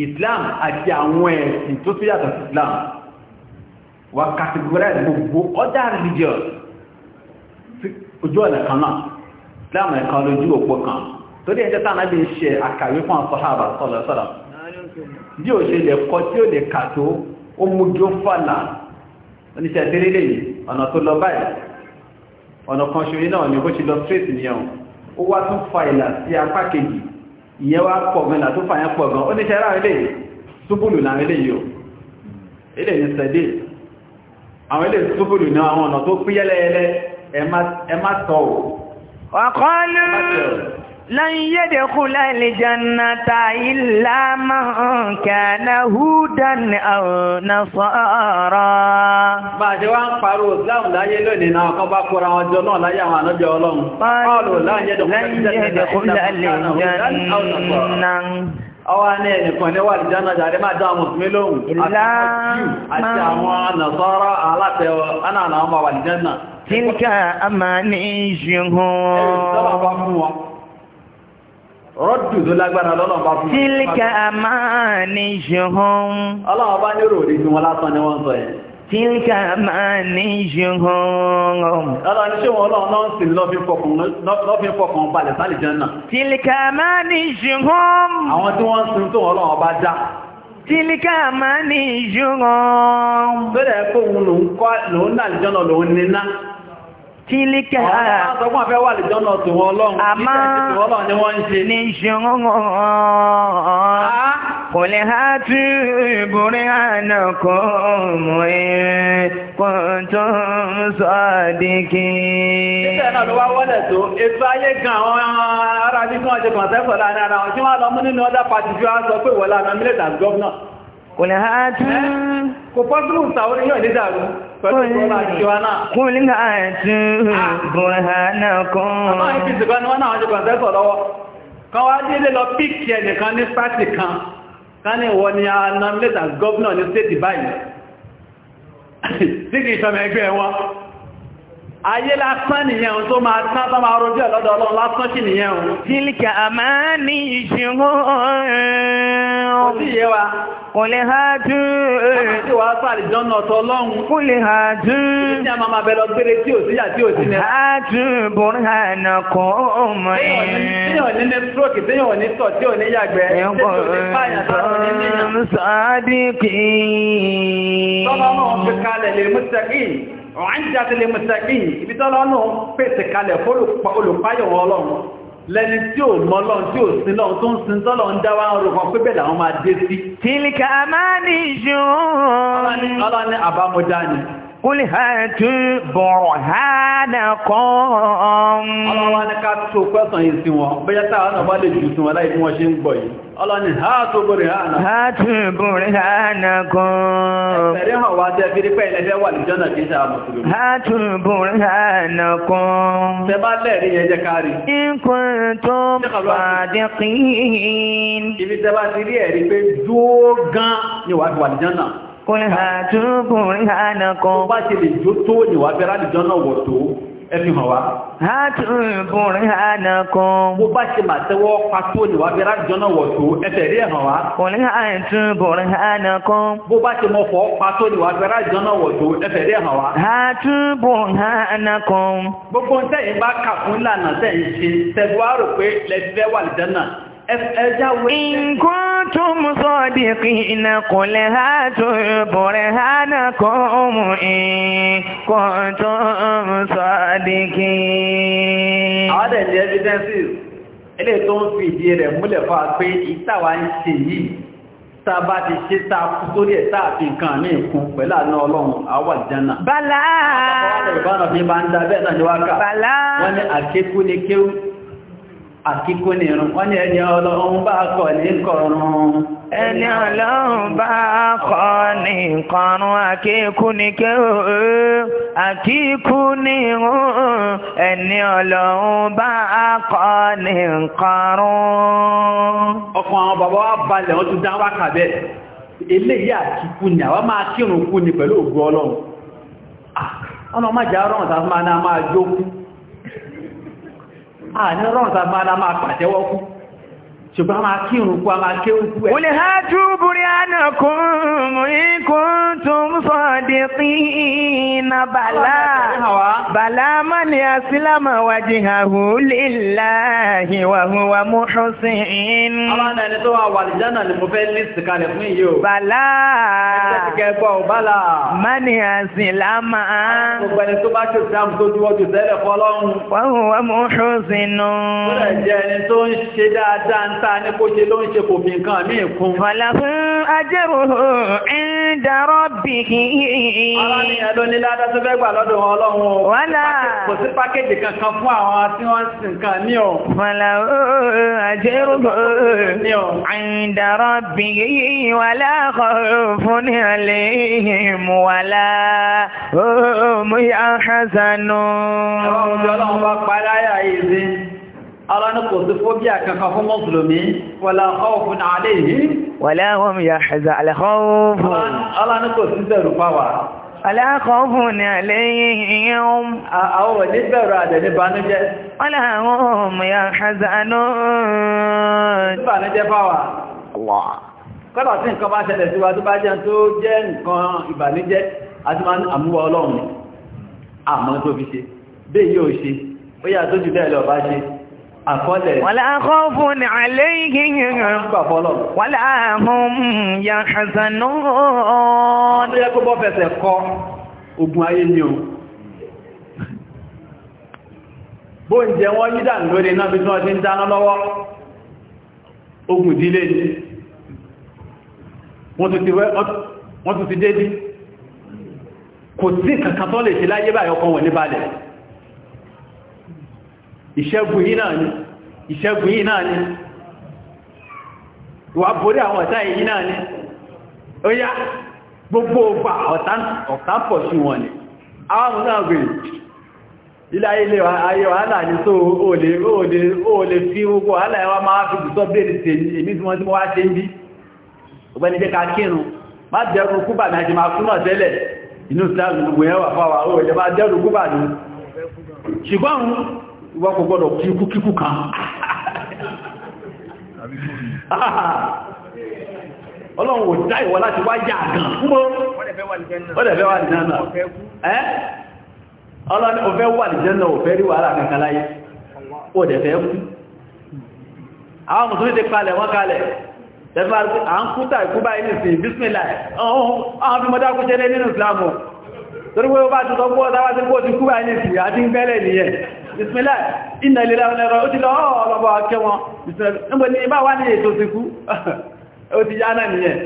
islam àti àwọn ẹ̀sìn tó tó yàtọ̀ islam wà categorize gbogbo other religion ojú ọ̀nà kan náà islam ẹ̀kan lójú òpó kan tó dé ẹjẹ́ tánà bí ń ṣe àkàwé fún àsọ́hábà sọ́lọ̀sọ́lọ̀ bí ò ṣe lè kọ tí ó lè kà tó ó mú jó fàlà oníṣẹ́ tẹ́lẹ́lẹ́ yìí ọ̀nà tó lọ báyìí ọ̀nà kan ṣe náà ni ó ṣe lọ straight nìyẹn ó wá tún fa ìlà sí apá kejì ìyẹn wá pọ̀ mẹ́lá tó fàyán pọ̀ gan ó ní ṣẹ́rá ilé súbùlù náà ilé yìí ilé ní sẹ́dé àwọn ilé súbùlù ní àwọn ọ̀nà tó píyẹ́lẹ́ẹ̀lẹ́ ẹ má tọ́ lan yadkhula al-jannata illa man kana hudan aw nasara bá ṣe wá ń paro islam láyé lónìí náà kan bá kóra wọn jọ náà láyé àwọn ànájọ ọlọ́run qalu lan yadkhula al-jannata ọwá ní ẹnìkan ní wà ìjánà jàrí máa dá mùsùlùmí lóhùn àti àwọn nàṣọ́rọ̀ alátẹ̀wọ̀ anáàlá ọmọ wà ìjánà tílkà àmà ní ìṣẹ́ hàn rọ́dù tó lágbára lọ́nà bá fún tílíkà máa ní ṣùgbọ́n ọlọ́wọ́ bá ní ròrí tí wọ́n lásán ni wọ́n sọ ẹ̀ tílíkà máa ní ṣùgbọ́n ọlọ́wọ́ ní ṣe wọ́n lọ́wọ́ náà sí lọ́fí fọkàn balẹ̀ sálì jẹ́ náà tílíkà máa ní ṣùgbọ́n àwọn tí wọ́n sin tó wọ́n bá dá tílíkà máa ṣùgbọ́n bẹ́ẹ̀ kóhun lòun tílíkà àtọ́gbọ́n afẹ́ wọ́n lọ́run tí wọ́n lọ́run ni wọ́n ń ní ṣọ́rọ̀ kò lè sẹ́fọ̀ láàrin ara wọn tí wọ́n lọ mú nínú ọdá pàtìjú á sọ pé ìwọ̀lá àmì mílẹ̀ kòlẹ̀ ha tí lọ píkì ẹnìkan ní kan kan ní ni a nominate as governor ní ayé lásán nìyẹn ohun tó máa tán tó máa rojú ẹ̀ lọ́dọ̀ ọlọ́run lásán nìyẹn ohun. àmà ní ìṣòro kò ha dùn. wọ́n ti wá sáré jọ́nà kò lè ha dùn. ìdí àmà máa bẹ gbére tí ò sí àti náà. dùn kọ́ ọmọ ọ̀hánjá ti lè mọ̀sẹ̀kín ibi tọ́lọ́ náà pèsè kalẹ̀ olùpáyọ̀ ọlọ́run lẹni tí ò mọ Ọlọ́run tí ò sin Ọlọ́run tó ń sin tọ́lọ̀ ń dáwà ń rọ̀kan pé bẹ́ẹ̀ máa dé sí kúlì hàtú bọ̀rọ̀ hánà kan. ọlọ́wọ́ ní ká tó pẹ́sàn yìí sí wọn bẹ́yẹ́ táwọn náà bá lè jù sí wọn láì bí wọ́n ṣe ń gbọ́ yìí ọlọ́ni hàtú bọ̀rọ̀ hánà. hàtú bọ̀rọ̀ hánà kan. ẹ̀sẹ̀ rí hàn wá jẹ́ fírí pẹ́ ilẹ̀ wà lìjọ́ náà kì í ṣàmù sílùú. hàtú bọ̀rọ̀ hánà kan. tẹ bá lẹ́ẹ̀rí yẹn jẹ́ kárí. nǹkan tó fàdíkìn. ibi tẹ bá ti rí ẹ̀rí pé dúó gan ni wàá wà lìjọ́ náà kò ní àtúkù ìhànàkọ́. Ó bá ṣe lè jó tó ìwà bẹ́rẹ̀ àdìjọ́ náà wọ̀ tó ẹni hàn wá. àtúntò rẹ̀ ànàkùn. mo bá ṣe máa tẹ́wọ́ pàtó níwá bí rájọ náà wọ̀ tó ẹsẹ̀ rí ẹ̀ hàn wá. kò ní àtúntò rẹ̀ ànàkùn. mo bá ṣe mọ fọ́ pàtó níwá bí rájọ náà wọ̀ tó ẹsẹ̀ rí ẹ̀ hàn wá. àtúntò rẹ̀ ànàkùn. gbogbo ntẹ́yìn bá kà fún lànà tẹ̀yìn ṣe tẹ̀gbọ́ àrò pé lẹ́sẹ̀ إن كنتم صادقين قل هاتوا برهانكم إن كنتم صادقين هذا الإيفيدنسيز ilé tó ń fi ìdí rẹ̀ múlẹ̀ fà pé ìtàwà ń ṣe yìí tá bá tá fi nǹkan ní pẹ̀lú àná ọlọ́run àwọn ọ̀rọ̀ fi ń da bẹ́ẹ̀ náà wọ́n àkíkó ní irun wọ́n ní ẹni ọlọ́run bá kọ̀ ní kọrùn ẹni ọlọ́run bá kọ̀ ní kọrùn àkíkú ní àkíkú ní ẹni ọlọ́run bá kọ̀ ní kọrùn àwọn bàbá wa balẹ̀ wọ́n tún dá wákà kú ah, ní à ah, ní rọ́ǹsà máa pàtẹ́wọ́ ṣùgbọ́n máa kí ìrùn kú a máa ké òkú ẹ̀. olè ha jú búrí ánàkùn mìíkùn tó ń sọ dìkí iná bàlá bàlá mọ́ni àsìlámà wájì àhù líláàhì wàhùwà mú ṣọ́sìn in. ọlọ́nà ẹni tó wà wàlìjánà ni mo fẹ́ lísì kalẹ̀ fún iyo. bàlá mọ́ni àsìlámà. gbogbo ẹni tó bá ṣe ìsìlámù tó dúró jù sẹ́lẹ̀ fọlọ́run. wàhùwà mú ṣọ́sìn nù. ó táa ní kó ṣe ló ń ṣe kò fi nǹkan mí kún. Fọ̀lá fún ajẹ́rò ń darọ́ bì kí. Àwọn ènìyàn ló ní ládá tó fẹ́ gbà lọ́dọ̀ wọn ọlọ́run o. Wọ́lá. Kò sí pákéjì kankan fún àwọn tí wọ́n sì nǹkan ní o. Fọ̀lá ajẹ́rò ń darọ́ bì kí wàlá kọ̀ fún ìrànlẹ́ ìhìnmù wàlá. Ó mú yà ń ṣàzánú. Àwọn ọmọdé ọlọ́run bá parí àyà yìí sí alánukò sí fóbíà kankan fún mọ́sùlùmí wàlá ọ̀fún àléhì wàlá ọmọ ya ṣàzà alẹ́kọ̀ọ́fún alánukò sí bẹ̀rù fáwà alẹ́kọ̀ọ́fún àléhì yíom àwọn ní bẹ̀rù àdẹ̀ní banújẹ́ wàlá ọmọ ya ṣàzà anúrùn-ún àmọ́ tó fi ṣe bẹ́ẹ̀ yóò ṣe ó yà tó jù bẹ́ẹ̀ lọ bá ṣe àkọọ́lẹ̀. wọ́n láàkọ́ fún àlẹ́ ìgbìyàn wọ́n láàmùn yà ṣàzànú ọ̀ọ́n. ó wọ́n tún ti dé bí kò sí kankan lè ṣe láyé báyọ̀ kan wọ̀ ní balẹ̀ ìṣẹ́gun yìí náà ni ìṣẹ́gun yìí náà ni ìwà borí àwọn ọ̀tá yìí náà ni ó yá gbogbo ọgbà ọ̀tá pọ̀ sí wọn ni àwọn ọmọ náà gbèrè ilé ayé ayé wàhálà ní tó o lè fi gbogbo wàhálà ẹwà máa fi gùsọ́ bèèrè tè ní èmì tí wọ́n tí wọ́n wá ṣe ń bí ọgbẹ́ni jẹ́ ká kírun má dẹ̀rù kúbà náà ti máa kú náà tẹ́lẹ̀ inú ìsìláàmù gbogbo ẹwà fáwà ó ìjọba dẹ̀rù kúbà ní ṣùgbọ́n ìwà kò gbọ́dọ̀ kíkú kíkú kan ọlọ́run ò dá ìwọ láti wá yà gan kúmọ́ ọ̀dẹ̀fẹ́ wà nìjánà ọlọ́run òfẹ́ wà nìjánà òfẹ́ rí wàhálà kankan láyé ọ̀dẹ̀fẹ́ kú àwọn mùsùlùmí ti palẹ̀ wọ́n kalẹ̀ tẹ́fà à ń kúta ìkúbá ìlìsìn bísmìlá àwọn fi mọ́dá kúṣẹ́lẹ̀ nínú ìsìlámù torí pé ó bá ti sọ pọ́ bismillah inna lillahi wa inna ilaihi raji'un ó ti ni bá wá ní ti kú ó ti yá náà nìyẹn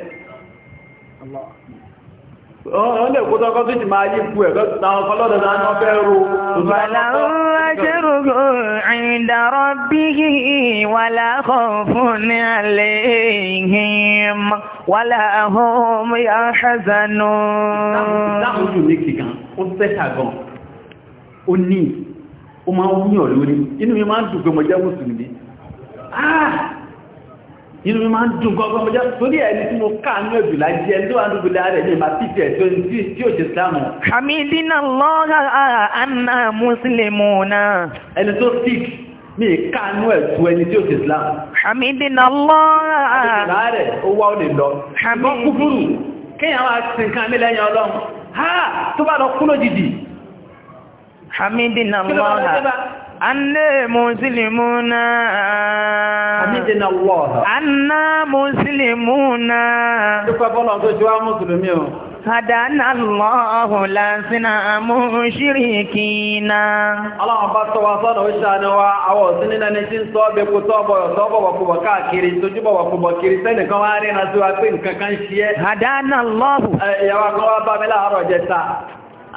wọ́n lè kó tọ́kọ́ tó ti máa yí kú ẹ̀kọ́ táwọn ọlọ́dọ̀ náà wọ́n fẹ́ ro Wàláwọ́lájẹ́rùgbò ìdàrọ̀ bí i wàláhọ̀ fún ní alẹ́ ìhìn wàláhọ̀ ya ṣàzánú. Dáhùn jù ní kìkan, ó sẹ́ta gan, ó ní ó máa ń wúyàn lórí inú mi máa ń dùn pé mo jẹ́ mùsùlùmí ah inú mi máa ń dùn gọ́gọ́ mo jẹ́ torí ẹni tí mo káàánú ẹ̀bù lájẹ́ ẹni tó wà nígbò láàrẹ̀ ní ìmá pípẹ̀ tó ń tí tí ò ṣe sáàmù hamidina lọ́ra anna muslimu náà ẹni tó sikh mi káàánú ẹ̀tù ẹni tí ò ṣe sáàmù hamidina lọ́ra láàrẹ̀ ó wá ó lè lọ ṣùgbọ́n kúkúrú kéèyàn wá sin kan mílẹ̀ yẹn ọlọ́run ha tó bá lọ kú lójijì hamidina allah anna muslimuna hamidina allah anna muslimuna dúpẹ́ bọ́lọ̀ tó ṣe wá mùsùlùmí o Hadana Allah lásìnà mú ṣíríkìína. Ọlọ́run bá tọwa sọ́nà ó ṣàánú wa, àwọ̀ sí nínú ẹni tí ń sọ bẹ̀kú tọ́bọ̀rọ̀ tọ́bọ̀wọ̀kúbọ̀ káàkiri, tójúbọ̀wọ̀kúbọ̀ kiri sẹ́nìkan wá rí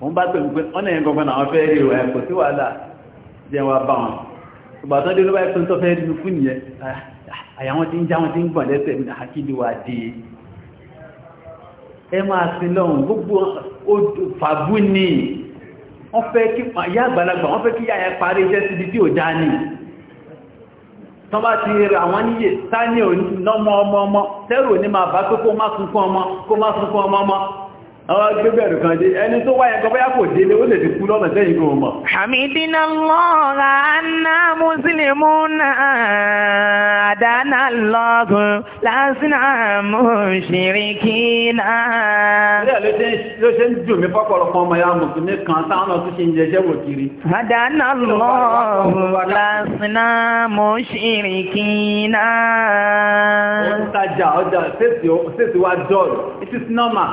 wọ́n bá pẹ̀lú pé ọ́nà yẹn gọgbọ́n àwọn fẹ́ rí ẹ̀ kò sí wàhálà jẹ́ wa bá wọn ìgbà tó dé ló bá pẹ́ tó fẹ́ rí fún nìyẹn ah, àyà wọn ń já wọn ti ń gbọ̀n lẹ́sẹ̀ ní àkílì wa dé ẹ máa sin lọ́hùn gbogbo fàbú ni wọ́n fẹ́ kí ìyá àgbàlagbà wọ́n fẹ́ kí yáyà parí iṣẹ́ síbi tí ò já ni tán bá ti rẹ̀ àwọn níyè tá ní ọmọ ọmọ ọmọ tẹ́rù ní máa bá pé kó má sunkún ọmọ kó má sunkún ọmọ ọmọ àwọn agbébẹ̀rù kan dé ẹni tó wáyé kọ báyá kò délé ó lè ti kú lọ́nà tẹ́yìn kò mọ̀. hamidina lọ́ra anna muslimuna adana lọ́gùn lásìnà mushrikina. ilé ló ṣe ń dùn mí fọ́pọ̀lọpọ̀ ọmọ ya mùsùlùmí kan táwọn ọ̀tún ó ń tajà ọjà fèsì wa dọ́ọ̀lù it is normal.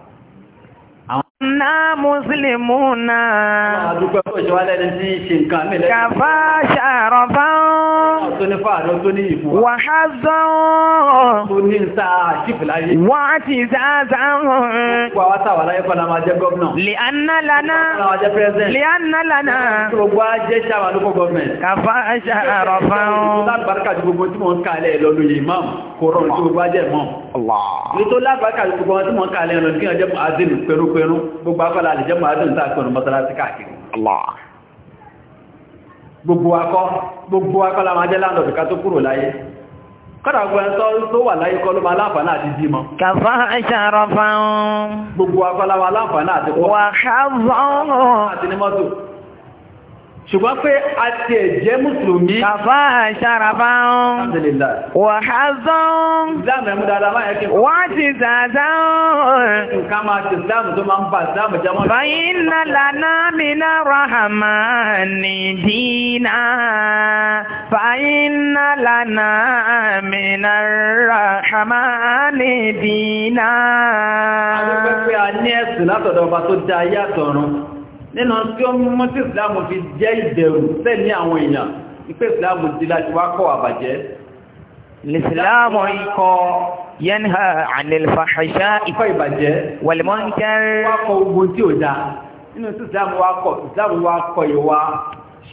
na muslimuna. Àdúgbò kò ṣe wá lẹ́ni tí ṣe nǹkan mi Kàfá ṣàrọ̀fá. Tó ní fàánú tó ní ìfún. Wà á zọ́. Tó ní ń sa láyé. Wà á ti sáàsá. Gbogbo àwọn lana. Kọ́ lana. Gbogbo á jẹ́ ṣàwà gbogbo akọ́lá àlìjẹ́ mọ̀ádùn tàà kọ̀nù mọ́sálásí káàkiri gbogbo akọ́ gbogbo akọ́lá máa jẹ́ láàrín ọ̀dùká tó kúrò láyé kọ́dà gbogbo tó wà láyé kọ́ ló máa láǹfààní àti bímọ. gbogbo akọ́lá wa láǹfààní àti àti ní ṣùgbọ́n pé a ti ẹ̀jẹ́ mùsùlùmí. Kàfá àṣàràfá ń. Wà á zán. Ìsìláàmù ẹ̀mú dáadáa máa yẹ kí n. Wà ti zàzán. Nǹkan máa ti ìsìláàmù tó máa ń ba ìsìláàmù jẹ́ mọ́. Bàyín na mi ná rahama ní dínà. Bàyín na lànà mi ná rahama ní dínà. A ló pẹ́ pé a ní ẹ̀sìn látọ̀dọ̀ ọba tó dá ayé àtọ̀run nínú tí ó mú tí ìsìláàmù fi jẹ́ ìbẹ̀rù tẹ́ ní àwọn èèyàn ipé ìsìláàmù ti láti wá kọ́ àbàjẹ́ ìsìláàmù ikọ̀ yanha anil fahisha ikọ̀ ìbàjẹ́ wal munkar wákọ̀ ogun tí ò dá nínú tí ìsìláàmù wákọ̀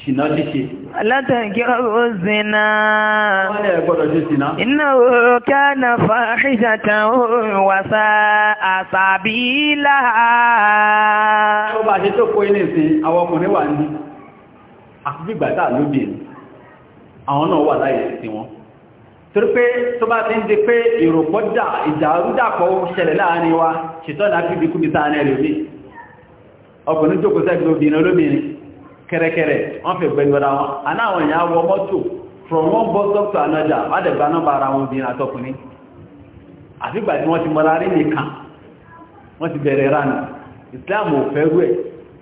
ṣìnà ṣíṣe. Alátàkí ọ̀rọ̀ zina. Wọ́n lè gbọ́dọ̀ ṣe ṣìnà. Iná òrò kánà fàáṣìṣàtà òrùn wàsá àṣàbílà. Ó bá ṣe tó kó ilé ìsìn àwọn ọkùnrin wà ní àfígbàtà lóbi àwọn náà wà láyé sí wọn. Torí pé tó bá ti ń di pé ìròpọ̀ ìdàrúdàpọ̀ ṣẹlẹ̀ láàrin wa, ṣètọ́ ọkùnrin jókòó sẹ́gbẹ̀ obìnrin olóbìnrin kẹ́rẹ́kẹ́rẹ́ wọ́n fẹ́ gbẹgbẹ́ra wọn anáwọn èèyàn wọ mọ́tò from one bus stop to another wọ́n dẹ̀gbà nọ́mbà ara wọn obìnrin àtọkùnrin àfígbà tí wọ́n ti mọ́ra rí nìkan wọ́n ti bẹ̀rẹ̀ ránà Islam ò fẹ́ rú ẹ̀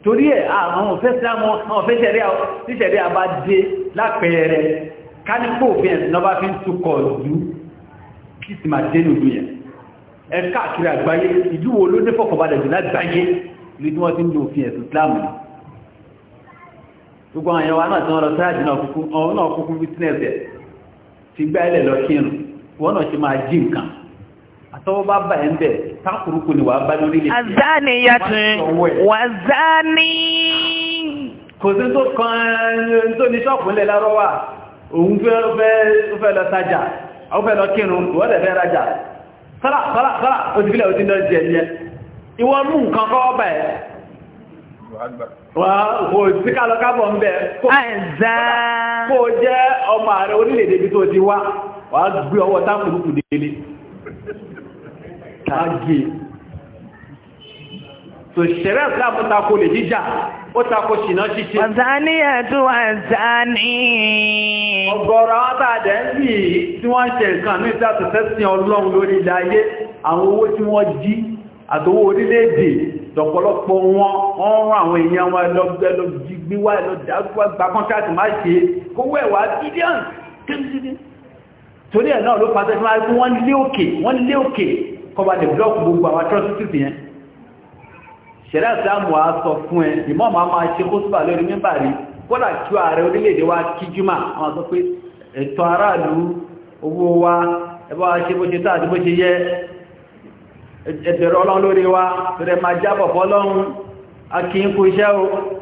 torí ẹ̀ àwọn òfẹ́ Islam àwọn òfẹ́ ṣẹ̀rí àbá dé lápẹẹrẹ kánípò òfin ẹ̀sìn lọ́bá fi ń túkọ̀ ìlú kí sì máa dé nìlú yẹn ẹ káàkiri àgbáyé ìlú ló ní fọkànbalẹ̀ jù lágbáyé ìlú tí wọ́n ti ń lo òfin ẹ̀sìn Islam yìí gbogbo àwọn ẹ̀wà náà tí lọ sáàjì náà kúkú ọ̀hún náà kúkú business ẹ̀ ti gbá ilẹ̀ lọ kírun wọ́n náà ṣe máa jí nǹkan àtọwọ́ bá bá ẹ̀ ń bẹ̀ ni wàá bá lórí ilé azani kò sí tó kan tó ní ńlẹ̀ òun fẹ́ lọ sájà fẹ́ lọ kírun wọ́n lẹ̀ fẹ́ rajà wà kò sí ká lọ kábọ̀ ń bẹ̀ kó jẹ́ ọmọ ààrẹ orílẹ̀-èdè bí tó ti wá wà á gbé ọwọ́ táfùrúkù délé káàgì tò ṣẹ̀rẹ́ ìsìláàmù tako lè jíjà ó tako ṣìnà ṣíṣe ọ̀záni ẹ̀dùn ọ̀záni ọgọ́rọ̀ àwọn tààdẹ̀ ń bí tí wọ́n ṣe nǹkan ní ìsìláàtọ̀ ọlọ́run lórí ilẹ̀ ayé àwọn owó tí wọ́n jí àtọwó orílẹ̀-èdè lọ́pọ̀lọpọ̀ wọn ọ̀rún àwọn èèyàn wọn ẹlọ́gbẹ́ lọ jígbí wá ẹlọ́dàgbà gba kọ́ntrátì máa ṣe kó wẹ̀wà bílíọ̀n tíndíndí torí ẹ̀ náà ló pàtẹ́ sí máa wọ́n lé òkè wọ́n lé òkè kọba lè blọ́ọ̀kì gbogbo àwọn atrocities yẹn ṣẹ̀dá ìsìlámù wa sọ fún ẹ ìmọ̀ máa máa ṣe kó sípà lórí mímbà rí kódà kí ààrẹ orílẹ̀-èdè wa kí jùmà àwọn sọ pé ẹ̀tọ́ aráàlú owó wa ẹbọ́ wa ṣe bó ṣe tá àti bó ṣe yẹ ẹ̀tẹ̀rọ ọlọ́run lórí wa rẹ̀ máa jábọ̀ fọ́lọ́run akínkú iṣẹ́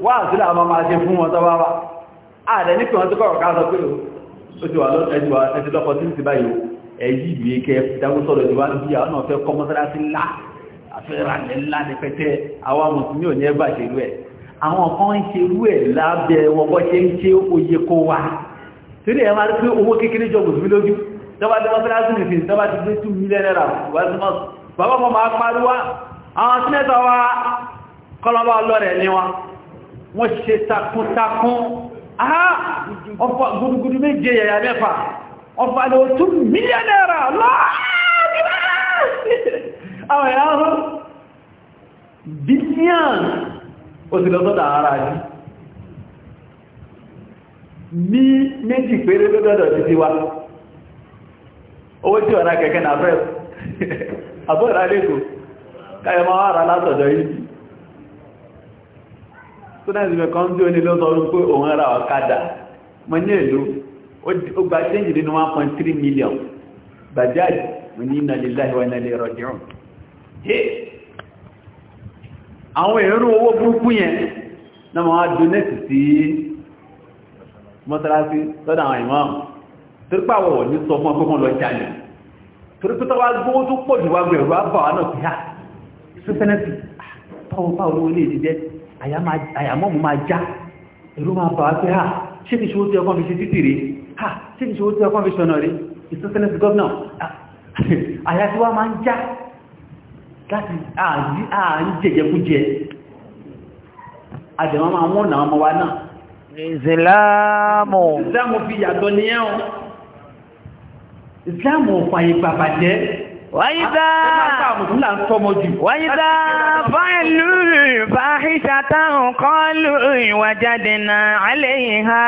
wà sílẹ̀ àwọn máa ṣe fún wọn tọ́wà wá ààrẹ ní pé wọ́n tó kọ̀rọ̀ káàkọ́ pé ó ti wà lọ́pọ̀ tí ti báyìí ẹ̀yí ìlú ikẹ́ dágúsọ̀rọ̀ ìwà ń bí àwọn náà fẹ́ kọmọ́sáráṣí ńlá àfẹ́rànlẹ́ ńlá ní pẹ́tẹ́ àwọn mùsùlùmí ò ní ẹgbà ṣerú ẹ̀ àwọn kan ń ṣerú ẹ̀ lábẹ́ wọn bọ́ ṣe rí pé owó kékeré jọ mùsùlùmí lójú tọ́bá tí wọ́n fẹ́ràn sí nìfín tọ́bá ti gbé 2 million naira wọ́n bàbá mọ́ máa pariwá àwọn sínẹ́tọ̀ wa kọlọ́bà ọlọ́rẹ̀ ní wọn wọ́n ṣe takuntakun aha ọfà gudugudu méje yẹ̀yà mẹ́fà ọfà ní o tún mílíọ̀n náírà lọ́wọ́ bílíọ̀n òsìlọ́sọ́dà ara yìí ní méjì péré lọ́dọ̀ títí wa owó tí ọ̀nà kẹ̀kẹ́ na fẹ́ àbọ̀rà lẹ́kọ̀ọ́ káyọ̀ máa wà rà látọ̀dọ̀ yìí students mi kan bí oní ló sọ wípé òun ra ọ̀kadà mo ní èlò ó gba change nínú 1.3 million bajaj mo ní inna lillahi wa inna ilayhi raji'un àwọn èrò owó burúkú yẹn na ma wá donate sí mọ́sálásí sọ́dọ̀ àwọn ìmọ̀ tó pàwọ̀ ní sọ fún ọkọ̀kan lọ jalè torí pé tọ́wà gbówó tó pọ̀ jù wá gbẹ̀rù wá bà wá náà pé á sífẹ́nẹ́sì tọ́wọ́ bá olówó lè jẹ́ àyàmọ́mù máa já èrò máa bà wá pé á ah, ṣé ní ṣòwò tí ọkọ̀ fi ṣe títì rí islam ò fàyè gbàbàjẹ́ wáyídá wáyídá fáìlú fàáhíṣà táwọn kọlù ìwàjádìnà aléyìnhá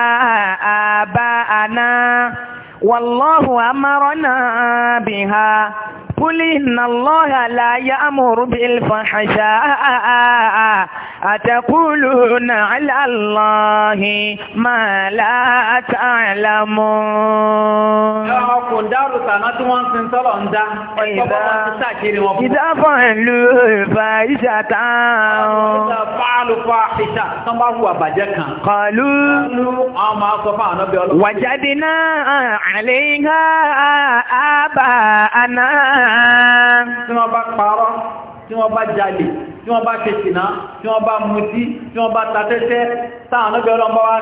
àbá àná wàlọ́hù amárọ́nà bìhá قل إن الله لا يأمر بالفحشاء أتقولون على الله ما لا تعلمون إذا فعلوا فاحشة قالوا وجدنا عليها آباءنا tí wọ́n bá parọ́ tí wọ́n bá jalè tí wọ́n bá kẹsìnà tí wọ́n bá mutí tí wọ́n bá tatẹ́tẹ́ táwọn ọlọ́bẹ̀ ọlọ́n bá wá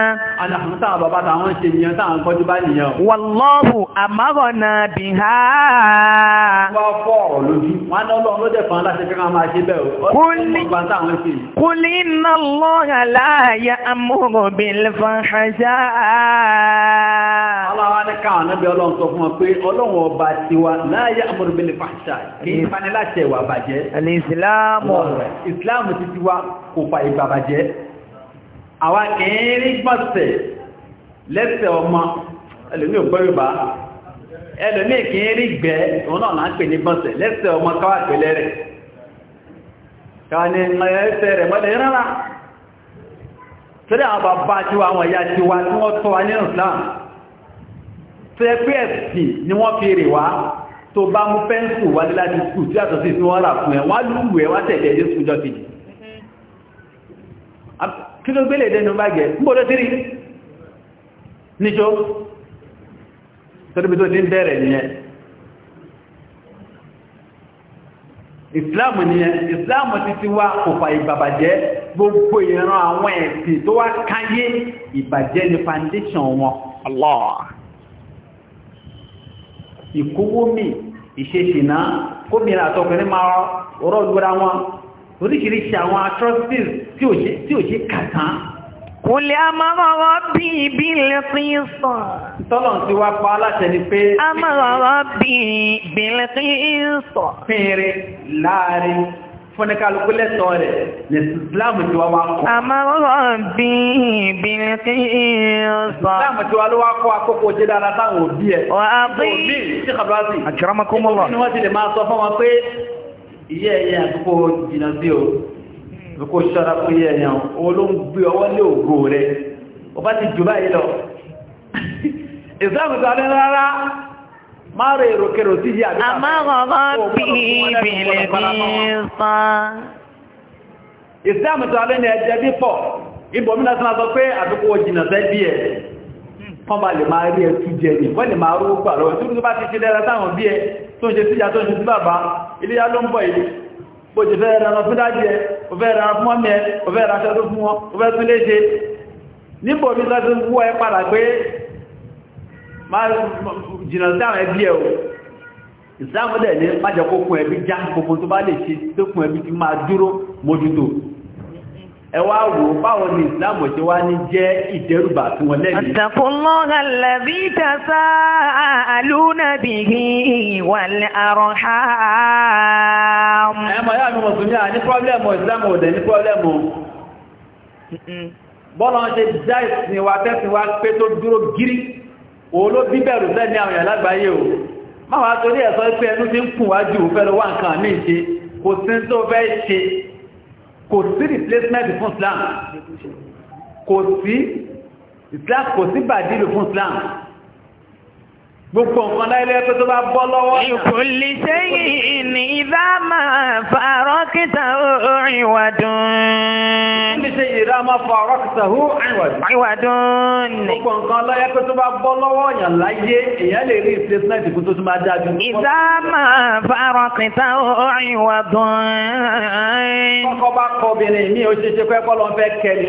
ká wọ́n aláhùntà bàbá tàwọn ṣe nìyàn tàwọn kọjú bá nìyàn wọ́lọ́hù àmárọ̀nà bí ha wọ́n fọ́ ọ̀rọ̀ lójú wọ́n lọ́lọ́ ló dẹ̀ fún aláṣẹ fẹ́ràn máa ṣe bẹ́ẹ̀ kul inna Allaha la ya'muru bil fahsha aláwọ̀ ní káwọn níbi ọlọ́run sọ fún wọn pé ọlọ́run ọba tiwa la ya'muru bil fahsha kì í faniláṣẹ ìwà bàjẹ́ ìsìláàmù ti tiwa kò fa ìgbàbàjẹ́ àwa kìí rí gbọ́sẹ̀ lẹ́sẹ̀ ọmọ ẹlòmí ò gbọ́rù bá ẹlòmí kìí rí gbẹ́ òun náà pè ní gbọ́sẹ̀ lẹ́sẹ̀ ọmọ káwà pẹ̀lẹ́ rẹ̀ káwà ní ẹsẹ̀ rẹ̀ mọ́lẹ̀ rárá tẹ́lẹ̀ àwọn bàbá tí wà àwọn ìyá tí wà tí wọ́n tọ́ wa ni wọ́n fi tó bá mú pẹ́ńsù wálé láti skul tí àtọ̀sí tí wọ́n rà fún ẹ̀ wá wá tẹ̀lé ẹ̀dẹ́ skul jọ́ kejì kí ló gbélé ìdẹ́nu bá jẹ́ ń bọ́dọ̀ tírí níṣó torípító ní bẹ̀rẹ̀ nìyẹn ìsìláàmù nìyẹn ìsìláàmù ti ti wá òfà ìbàbàjẹ́ gbogbo ìran àwọn ẹ̀sìn tó wá káyé ìbàjẹ́ ní foundation wọn Allah ìkówó mi oríṣiríṣi àwọn atrocities tí ò ṣe kàtán. kò lè a máa rọrọ bí ibi ilẹ̀ fi ń sọ. tọ́lọ̀ ti wá pa aláṣẹ ni pé. a máa rọrọ bí ibi ilẹ̀ fi ń sọ. fínre láàrin fúnikálukú lẹ́tọ̀ọ́ rẹ̀ ní ìsìláàmù tí wá wá kọ́. a máa rọrọ bí ibi ilẹ̀ fi ń sọ. ìsìláàmù tí wá ló kọ́ akókò tí dára táwọn òbí ẹ̀. wà á bí. òbí tí kàbá sí. àkìrámakọ́mọ́lá. òbí ìyẹ́ ẹ̀yẹ àkókò jìnà sí o àkókò ṣọ́ra fún ìyẹ́ ẹ̀yẹ òun ló ń gbé ọwọ́ lé ògo rẹ̀ ó bá ti jù báyìí lọ ìsáàmù sáré rárá máa rẹ̀ èrò kèrò sí ìyá àbí àmọ́gọ́gọ́ bí ìbìlẹ̀ bí sán ìsáàmù sáré ní ẹjẹ́ bí pọ̀ ibòmínà sọ́nà wọ́n bá lè máa rí ẹtú jẹ ní wọ́n lè máa rú gbà lọ́wọ́ tí ó bá ti ṣe dára táwọn bí ẹ tó ń ṣe síyà tó ń ṣe sí bàbá iléyà ló ń bọ̀ yìí bó jẹ fẹ́ ẹran fún dájí ẹ o fẹ́ ẹran fún ọmọ ẹ o fẹ́ ẹran aṣọ fún wọn o fẹ́ tún léṣe níbo mi sọ ti wú ẹ padà pé máa jìnà sáwọn ẹbí ẹ o ìsáàmù dẹ̀ ní májọ kó kun ẹbí já gbogbo tó bá lè ṣe tó ẹbí ti máa dúró mójútó ẹwà wò báwo ni ìsìláàmù ṣe wá ní jẹ́ ìdẹ́rùbà tí wọ́n lẹ́yìn. àtàkùnlọ́gà lẹ́bí tàṣà àlúnàbìhì ìwàlẹ̀ àrọ̀há. ẹmọ yá mi mùsùlùmí à ní pọ́blẹ́mù ìsìláàmù òdẹ̀ ní pọ́blẹ́mù. bọ́lá ṣe já ìsìn wa tẹ́sìn wa pé tó dúró gírí òun ló bíbẹ̀rù sẹ́ni àwọn èèyàn lágbàáyé o. má wàá torí ẹ̀sọ́ pé ẹnu ti ń kùn wájú òun nǹkan mí ṣe kò sí tó fẹ́ ṣe kò sí replacement fún Islam kò sí Islam kò sí bàdílù fún Islam gbogbo nǹkan láìlẹ́ tó tó bá bọ́ lọ́wọ́. ìkòlì sẹ́yìn ní ìdá fàárọ̀ kìtà orin wà dùn. ìkòlì sẹ́yìn ìdá fàárọ̀ kìtà orin wà dùn. gbogbo nǹkan láyé tó tó bá bọ́ lọ́wọ́ yàn láyé èèyàn lè rí ìfẹ́sìnàtì kó tó tó máa dájú. ìdá fàárọ̀ kìtà orin wà dùn. kọ́kọ́ kọ obìnrin mi ò ṣeéṣe pé kọ́ ló fẹ́ kẹ́lì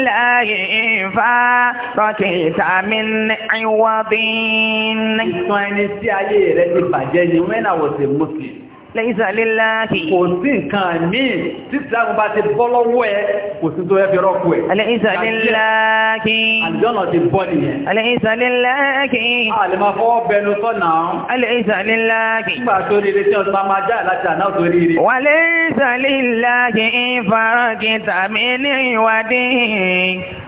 لله فاقة من عوض. Ìtàn ẹni tí ayé rẹ̀ ti bàjẹ́ ni when I was a Muslim. Aláìsàléláàkì. Kò sí nǹkan míì tí ìsìláàmù bá ti bọ́ lọ́wọ́ ẹ, kò sí tó ẹbí rọ́kù ẹ. Aláìsàléláàkì. Àjọ́nà ti bọ́ nìyẹn. Aláìsàléláàkì. A lè máa fọwọ́ bẹnu sọ́nà. Aláìsàléláàkì. Nígbà tó rí tó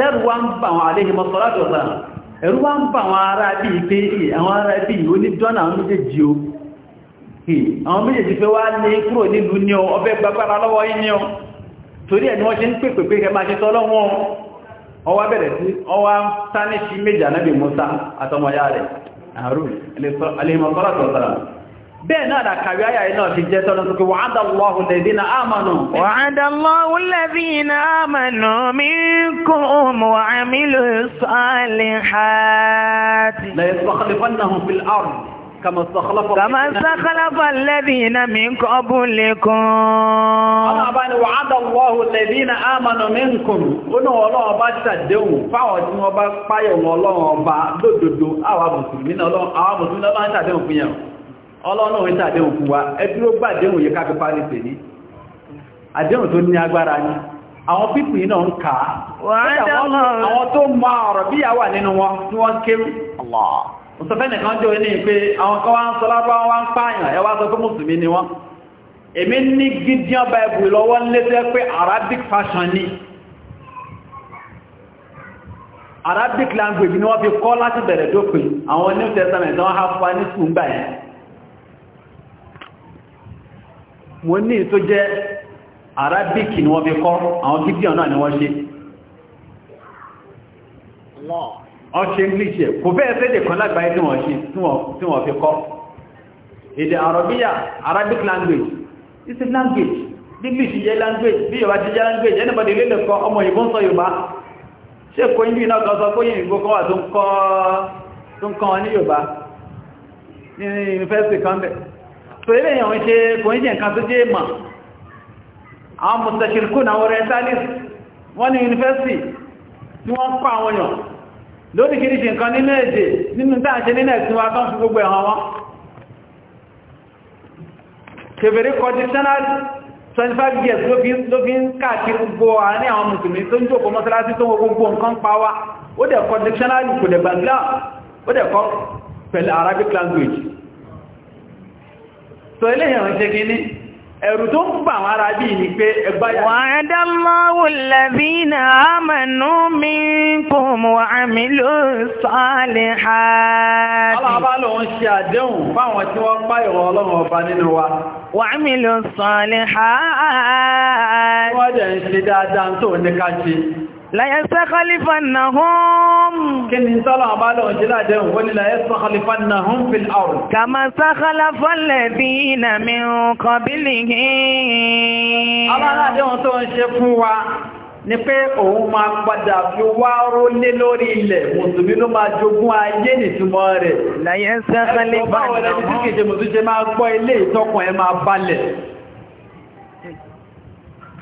tẹ́rù wá ń bà wọn àléhì mọ́sọ́látọ̀ sáà ẹ̀rù wá ń bà wọn ará bí i pé àwọn ará bí i onídọ́nà àwọn méjèèjì o àwọn méjèèjì pé wá ní kúrò nílùú ní ọ ọbẹ̀ gbagbára lọ́wọ́ yí ní torí ẹni bẹ́ẹ̀ náà dà kàrí àyà iná ti jẹ́ tọ́nà tó kí wàádà lọ́hùn lẹ́bí na ámànù wàádà lọ́hùn lẹ́bí na ámànù minkum wa amilu salihati la yastakhlifannahum fil ard kama sakhlafa alladhina min qablikum ọ̀nà bá ni wàádà lọ́hùn lẹ́bí na ámànù minkum onú ọlọ́run bá ṣàdéhùn fáwọn tí wọ́n bá páyọ̀ ọlọ́run ọba ọlọ́nà òwe tí àdéhùn fún wa ẹbí ó gbàdéhùn yìí káfífà ní àdéhùn tó ní agbára ní àwọn pípì iná ń kà àwọn tó ma ọ̀rọ̀ bí yà wà nínú wọn tí wọ́n kéwú nìkan jẹ́ pé àwọn kan wá ń sọ lábá arabic language ni wọ́n fi kọ́ láti bẹ̀rẹ̀ àwọn new testament wọ́n fún wa ní mo ní tó jẹ́ arabic ni wọ́n fi kọ́ àwọn gideon náà ni wọ́n ṣe wọ́n ṣe english ẹ̀ kò bẹ́ẹ̀ fẹ́ kan lágbàáyé tí wọ́n ṣe tí wọ́n fi kọ́ èdè arabiya arabic language is a language english jẹ́ language bí yorùbá language anybody lè lè kọ́ ọmọ ìbọn sọ yorùbá ṣe kò yí náà kan sọ pé yìnbó kan wà tó so ilé yàn ṣe kò ń jẹ nǹkan tó jẹ́ ma àwọn mustachirku na orientalist wọ́n ní university tí wọ́n kọ́ àwọn yàn lórí kìí ṣe nǹkan nínú èdè nínú dáàṣẹ́ nínú ẹ̀sìn wa tán fi gbogbo ẹ̀hàn wọn kèfèrè kọ dictionary 25 years ló fi ń káàkiri gbogbo àárín àwọn mùsùlùmí tó ń jòkó mọ́sálásí tó gbogbo nǹkan pa wá ó dẹ̀ kọ dictionary kò dẹ̀ gbàgbà ó dẹ̀ kọ pẹ̀lú Arabic language sọ eléyàn ń ṣe kí ní ẹ̀rù tó ń bà wọn ara bí ní pé ẹgbáyà wa'ada Allahu alladhina amanu minkum wa amilu salihat alábá ló ń ṣe wa wa amilu láyẹ́sẹ́ kọlífà náà hùn kí ni sọ́lọ̀ àbálọ̀ òjìlájẹ́ òun ni láyẹ́sẹ́ kọlífà náà hùn fi àrùn kàmà sákọlá fọ́lẹ̀ bí iná mi kọ bí lè hí aláàdéhùn tó ń ṣe fún wa ni pé òun máa padà fi wá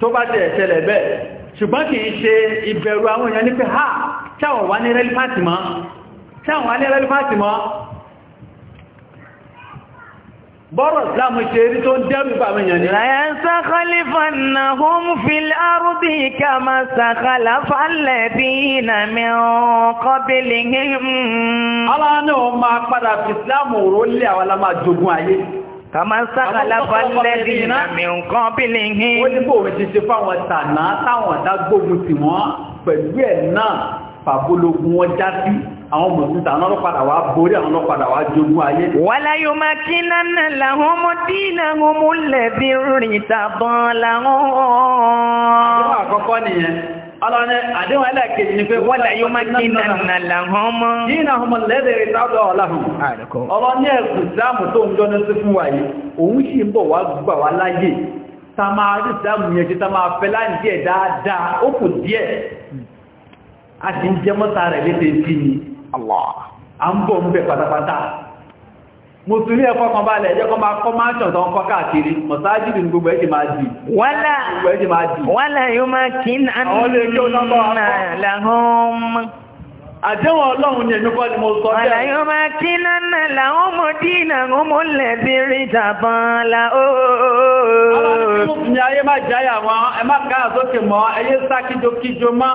tó bá tẹ̀ ṣẹlẹ̀ bẹ́ẹ̀ ṣùgbọ́n kì í ṣe ìbẹ̀rù àwọn èèyàn ní pé ha ṣáwọn wá ní rẹ́lífàtì mọ́ ṣáwọn wá ní rẹ́lífàtì mọ́ bọ́rọ̀ islam ṣe rí tó dẹ́rù bàmí èèyàn kàmá sákàlà balẹ̀dì ìnàmì nǹkan bílẹ̀ hìn. ó ní bò wọ́n ti ṣe fáwọn tànà táwọn ọ̀dá gbógun tì wọ́n pẹ̀lú ẹ̀ náà fàbólógún wọn já sí àwọn mọ̀síta àwọn ọlọ́padà wá borí àwọn ọlọ́padà wá jogún ayé. wàlá yóò máa kí lánà làwọn ọmọ tí làwọn ọmọ lẹ̀bi rìn tàbọn làwọn. àkọ́kọ́ nìyẹn ọlọ́ni àdéhùn ẹlẹ́ẹ̀kejì ni pé wọ́n lẹ́yìn máa kí nàìjíríà làwọn mọ́. yìí náà ọmọ lẹ́dẹ̀rẹ̀ sábà ọ̀làhùn. ọlọ́ni ẹ̀kú sáàmù tó ń jọ́nà sí fún wa yìí òun sì ń bọ̀ wá gbà wá máa rí yẹn máa fẹ́ láì mùsùlùmí ẹ̀kọ́ kan bá lẹ̀ jẹ́ kọ́ máa kọ́ máa ṣàn tán kọ́ káàkiri mọ̀sáájì ní gbogbo ẹ̀jì máa dì gbogbo ẹ̀jì máa dì wọ́lá yóò máa Àdéhùn ọlọ́run yẹ̀mí kọ́ ni mo sọ bẹ́ẹ̀. Wàlá yóò máa kí náà làwọn ọmọ dínà ọmọ lẹ̀bí rí tàbọn la ooo. Àwọn ọmọ ayé máa jáyà wọn, ẹ má káà sókè mọ́, ẹyé sá máa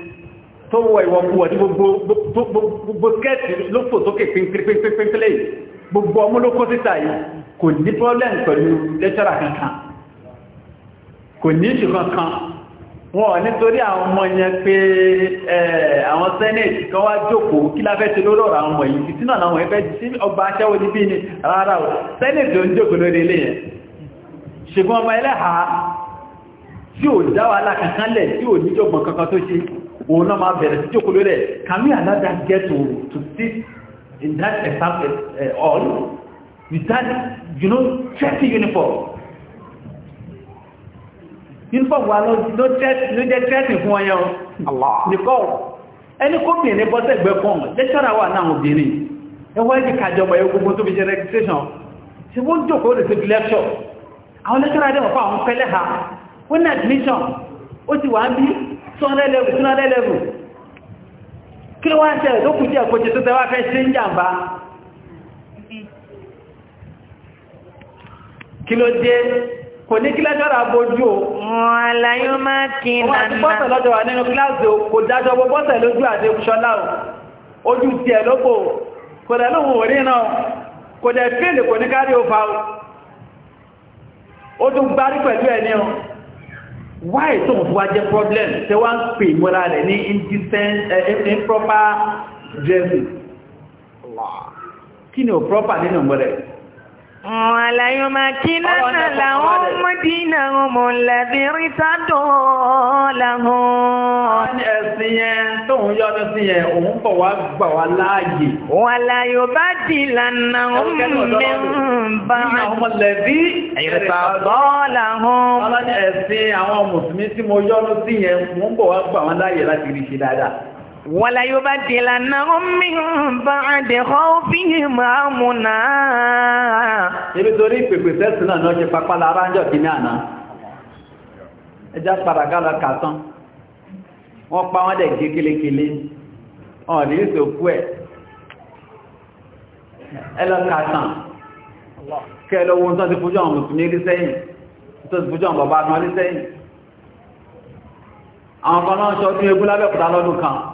tó wọ ìwọ̀kúwọ̀ ní gbogbo skẹ́ẹ̀tì lófò sókè pínpínpínlẹ̀ gbogbo ọmọ lókó títà yìí kò ní problem pẹ̀lú lẹ́tọ́rà kankan kò ní ìṣù kankan wọ́n nítorí àwọn ọmọ yẹn pé àwọn senate kan wá jókòó kí láfẹ́ ti lórí ọ̀rọ̀ àwọn ọmọ yìí títí náà àwọn ẹgbẹ́ tí ọba aṣẹ́wò ní bí ní rárá o senate ò ń jókòó lórí ilé yẹn ṣùgbọ́n ọmọ ẹlẹ́ha tí ò dáwà alákankanlẹ̀ tí ò níjọ̀gbọ̀n kankan tó ṣe òun náà máa bẹ̀rẹ̀ sí jókòó lórí ẹ̀ can we allow that get to to sit in that example uh, eh, hall with that you know thirty uniform uniform wa ló jẹ́ thirty fún ọyẹ́ o nìkọ́ ẹni kó bìnrin bọ́sẹ̀gbẹ́ kan lẹ́ṣọ́ra wà náà obìnrin ẹwọ́ ẹ̀kì kàjọmọ̀ ẹ̀ gbogbo tó fi jẹ́ registration ṣe wọ́n jókòó rẹ̀ sí lecture àwọn lẹ́ṣọ́ra dẹ̀ wọ́n fún àwọn pẹ́lẹ́ ha wọ́n ní admission ó ti wà bí 200 level 200 level kí ló wá ń tó kù sí ẹ̀kọ́ jẹ́ tó tẹ́wàá fẹ́ ṣe ń jàmbá kí ló dé kò ní kí lẹ́jọ́ rà bójú wọ́n máa kí wọ́n ti bọ́sẹ̀ lọ́jọ́ wà nínú kíláàsì kò dájọ́ bọ́sẹ̀ lójú àti why tó mọ̀ fún wa jẹ́ problem tẹ́ wá ń pè mọ́ra rẹ̀ ní improper dressing kí ni ò proper nínú mọ́ rẹ̀ Wàlàyé máa kí náà làwọn mọ́dínà ọmọ làbírí sádọ̀ làwọn. Ẹ̀sìn yẹn tó ń yọ́nú sí yẹn, òun bọ̀ wá gbà wá láàyè. Wàlàyé bá di lànà mẹ́mbà. Ọmọ lẹ̀bí sádọ̀ làwọn. Ẹ̀sìn àwọn mùsùlùmí tí mo yọ́nú sí yẹn, òun bọ̀ wá gbà wá láàyè láti rí ṣe dáadáa wala yubaddilannahum min ba'di khawfihim amna. ibi torí ìpèpè sẹ́sìn náà náà ṣe papá lára ń jọ kí ní àná ẹjá padàgá lọ kà tán wọ́n pa wọ́n dẹ̀ gé kélékélé ọ̀n ní ìsòkú ẹ̀ ẹ lọ kà tán kẹ́ ẹ lọ́wọ́ tó ti fojú àwọn mùsùlùmí rí sẹ́yìn tó ti fojú àwọn bàbá àná rí sẹ́yìn àwọn kan náà ṣọdún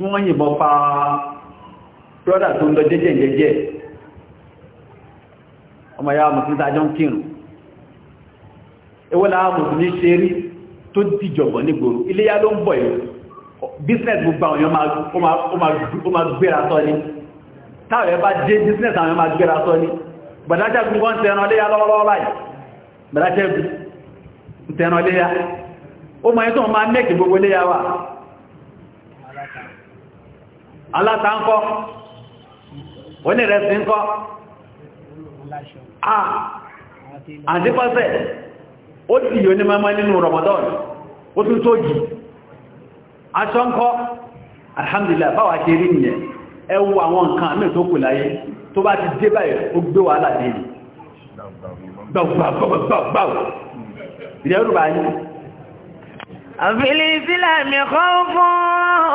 tí wọ́n yìnbọn pa brọ́dà tó ń lọ jẹ́jẹ́ jẹ́jẹ́ ọmọ ya mùsùlùmí tàjọ ń kírùn ewọ́lá mùsùlùmí ṣe rí tó dìjọ̀gbọ̀n ní gbòrò iléyá ló ń bọ̀ yìí business gbogbo àwọn èèyàn máa gbéra sọ ní táwọn ẹbá dé business àwọn èèyàn máa gbéra sọ ní gbàdájá gbogbo ń tẹran léyá lọ́wọ́lọ́wọ́ báyìí gbàdájá gbogbo ń tẹran léyá ó máa ń tó aláta ńkọ́ onírẹsì ńkọ́ a àdípọ́sẹ̀ ó ti yóò ní mẹ́mọ́ nínú Ramadan ó tún tó jì aṣọ ńkọ́ alhamdulillah báwa ṣe rí nìyẹn ẹ wo àwọn nǹkan àmì tó kù láyé tó bá ti dé báyìí ó gbé wàhálà dé gbàgbàgbàgbàgbà ìrẹ́rù báyìí àfilí ìsìlámì kan fún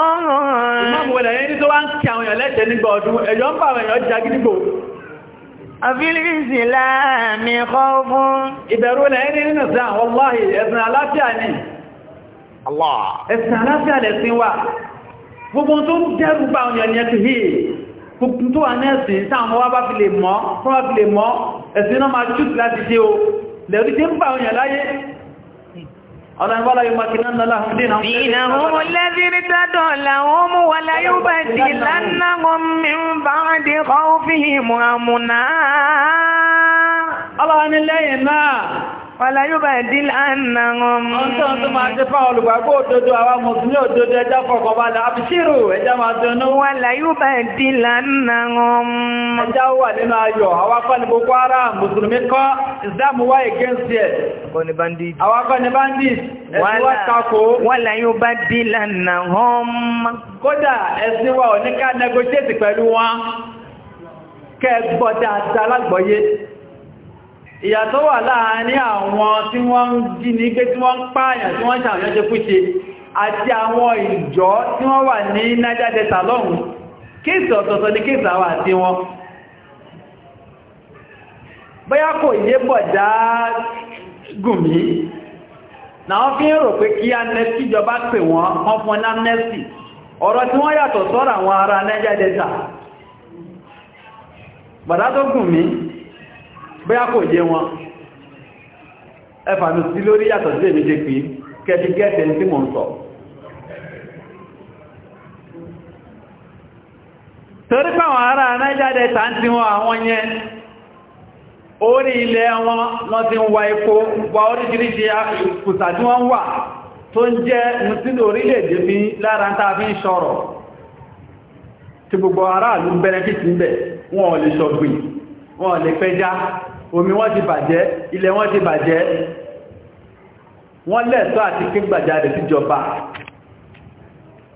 ọ̀hún. ìmọ̀mù wọlé yẹn ní tó wá ń kí àwọn èèyàn lẹ́tẹ̀ẹ́ nígbà ọdún ẹ̀yọ́ ń bá àwọn èèyàn jagídígbò. àfilí ìsìlámì kan fún. ìbẹ̀rù wọlé ní ẹ̀sìn aláfíà ni. ẹ̀sìn aláfíà lẹ̀sìn wa gbogbo tó ń dẹ́rù bá àwọn èèyàn yẹn ti hì gbogbo tó wà ní ẹ̀sìn táwọn bá fi lè دينهم الذي ارتدوا لهم ولا يبدلنهم من بعد خوفهم أمنا الله أن الله Ọ̀la yóò bá dín àná wọn. Ọ̀tọ́ tó máa jẹ fáwọn olùgbàgbọ́ òdodo àwọn mùsùlùmí òdodo ẹjá fọkàn balẹ̀ àbíṣírò ẹjá máa dùnnú. Wàlá yóò bá dín àná wọn. Ẹjá wà nínú ayọ̀, àwa kọ́ ni Boko mùsùlùmí kọ́, Islam wá against it. Àwa ni bandit. Àwa kọ́ ni bandit. Ẹ̀sìn wá tako. Wàlá yóò bá dín àná wọn. Kódà ẹ̀sìn wa ò ní ká negotiate ìyàtọ̀ wà láàárín àwọn tí wọ́n ń jí ní pé tí wọ́n ń pààyàn tí wọ́n ṣàwọn ṣe kúṣe àti àwọn ìjọ tí wọ́n wà ní Niger Delta lọ́hùn kéèsì ọ̀tọ̀ọ̀tọ̀ ní kéèsì àwọn àti wọn bóyá kò yé bọ̀dá gùnmí náà fi ń rò pé kí amnesty jọba pè wọ́n wọ́n fún amnesty ọ̀rọ̀ tí wọ́n yàtọ̀ sọ́rọ̀ àwọn ará Niger Delta bọ̀dá tó gùnmí bóyá kò yé wọn ẹfà sí lórí yàtọ̀ sí èmi jẹ́ pé kẹ́ẹ̀kì gẹ́ẹ̀tẹ̀ tí mọ̀ ń sọ torí pàwọn ará anájáde tàǹtí wọn àwọn yẹn orí ilẹ̀ wọn wọ́n ti ń wa epo wa oríṣiríṣi kùsà tí wọ́n wà tó jẹ́ gbogbo omi wọ́n ti bàjẹ́ ilẹ̀ wọ́n ti bàjẹ́ wọ́n lẹ́ẹ̀tọ́ àti kígbàjáde síjọba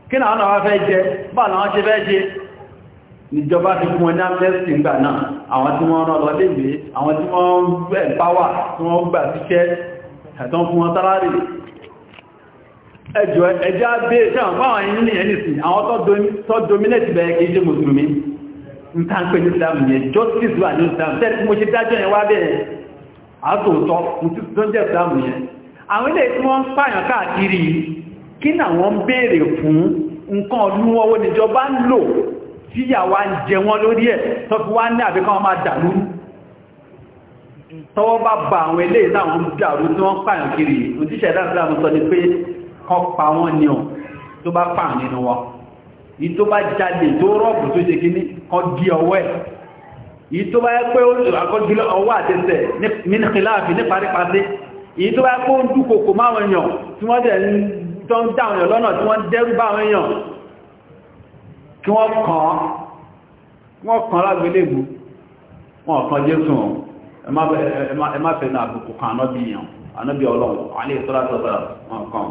kí náà náà wá fẹ́ jẹ bá náà ṣe fẹ́ ṣe níjọba fi fún ẹni amnesty ńgbà náà àwọn tí wọ́n rán lọ léèwé àwọn tí wọ́n gbẹ̀ páwà tí wọ́n gbà síṣẹ́ ẹ̀tọ́ fún wọn sálárì ẹjọ́ ẹjá bẹ́ẹ̀ sẹ́wọ̀n fáwọn ẹni nìyẹn nìsìn àwọn tó dominate bẹ̀ẹ́ kìí ṣe mùsùlùmí ń tá ń pè ní islam yẹn justice wà ní islam tẹ́lẹ̀ mo ṣe dájọ́ yẹn wá bẹ́ẹ̀ àtòótọ́ mo ti jẹ́ islam yẹn àwọn ilé tí wọ́n ń pààyàn káàkiri kí náà wọ́n béèrè fún nǹkan wọn níjọba ń lò ń jẹ wọ́n lórí ẹ̀ tó fi wá ní àbíkọ́ wọn máa dàrú tọwọ́ bá àwọn ilé dàrú tí wọ́n pààyàn kiri yìí tó bá jáde tó rọ́ọ̀bù tó ṣe kíní kan di ọwọ́ ẹ̀ yìí tó bá yẹ pé àkọ́jú ọwọ́ àtẹsẹ̀ mínísíláàfì ní parípaṣẹ́ yìí tó bá yẹ pé ó ń dúkokò máwọn èèyàn tí wọ́n dẹ̀ ń tọ́ ń dá àwọn èèyàn lọ́nà tí wọ́n dẹ́rù bá àwọn èèyàn kí wọ́n kàn wọ́n kàn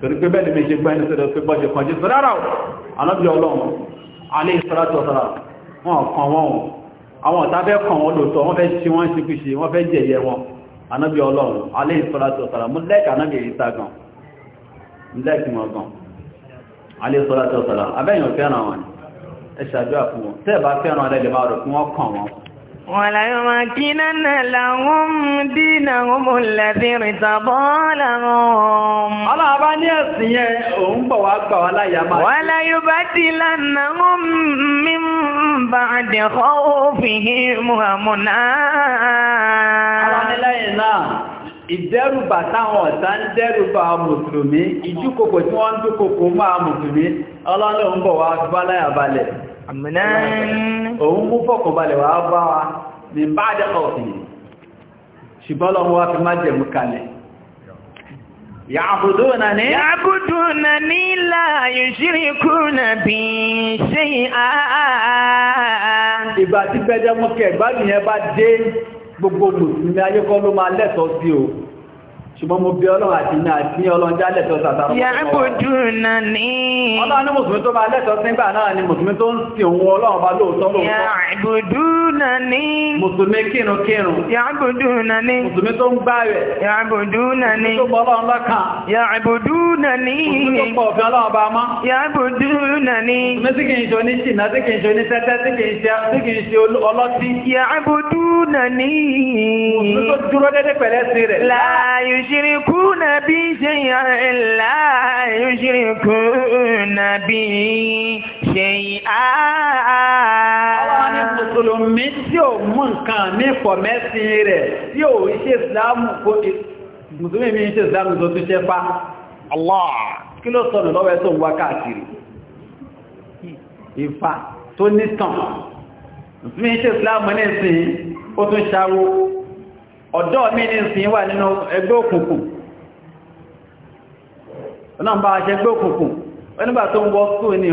torí pé bẹ́ẹ̀ ni méṣe gbẹ́ni sọ́dọ̀ pé bọ́ṣe kan jésù rárá anábí ọlọ́run alẹ́ ìsọ́látọ̀ sára wọn kan wọn ohun àwọn ọ̀tá fẹ́ kan wọn lòótọ́ wọ́n fẹ́ ṣe wọ́n ṣe kúṣe wọ́n fẹ́ jẹ̀yẹ wọn anábí ọlọ́run وليمكنن لهم دينهم الذي ارتضى لهم ọlọ́ọ̀bá ní ẹ̀sìn yẹn òun bọ̀ wá gbà wá láyà máa. وليبدلنهم من بعد خوفهم أمنا. alánilẹ́yìn náà ìdẹ́rùbà táwọn ọ̀tá ń dẹ́rùbà mùsùlùmí ìdúkokò tí wọ́n ń dúkokò máa mùsùlùmí ọlọ́run bọ̀ wá gbà òun mú fọ́kànbalẹ̀ wà bá wa lè bá dẹ̀ ọ̀fẹ́ ṣùgbọ́n lọ́wọ́ wá fi má jẹ̀mú kalẹ̀ yàbùdúnà ní yàbùdúnà ní láàyè ṣíríkú nà bí ṣe àà ìgbà tí pẹ́jẹ́ mú ṣùgbọ́n mo bí ọlọ́run àti iná àti ọlọ́run já lẹ́tọ̀ọ́ sàtàrà ọlọ́run. yàrá bójú náà ní. ọlọ́run ní mùsùlùmí tó máa lẹ́tọ̀ọ́ náà ni mùsùlùmí tó ń sin òun ọlọ́run bá lóòótọ́ lóòótọ́. yàrá bójú náà ní. mùsùlùmí kírun kírun. yàrá bójú náà ní. mùsùlùmí tó ń gbá rẹ̀. yàrá bójú náà ní. mùsùlùmí tó gbọ́ ọlọ́run lọ́kàn. yàrá bójú náà ní. mùsùlùmí tó pọ̀ òfin ọlọ́run bá mọ́. yàrá bójú náà ní. mùsùlùmí tí kì í dúró dédé pẹ̀lẹ́ sí rẹ̀. láàyè yushrikuna bí shay'an la yushrikuna bí shay'an. àwọn ní tí ò mú nǹkan ní fọ̀mẹ́sìn rẹ̀ tí ò ṣe ìsìlámù kó mùsùlùmí mi ṣe ìsìlámù tó tún ṣe pa Allah kí ló sọ̀nà ọ̀dọ́ mi ní sin wà nínú ẹgbẹ́ òkùnkùn ọlọ́mbà àṣẹ ẹgbẹ́ òkùnkùn onígbà tó ń wọ́ skúù ní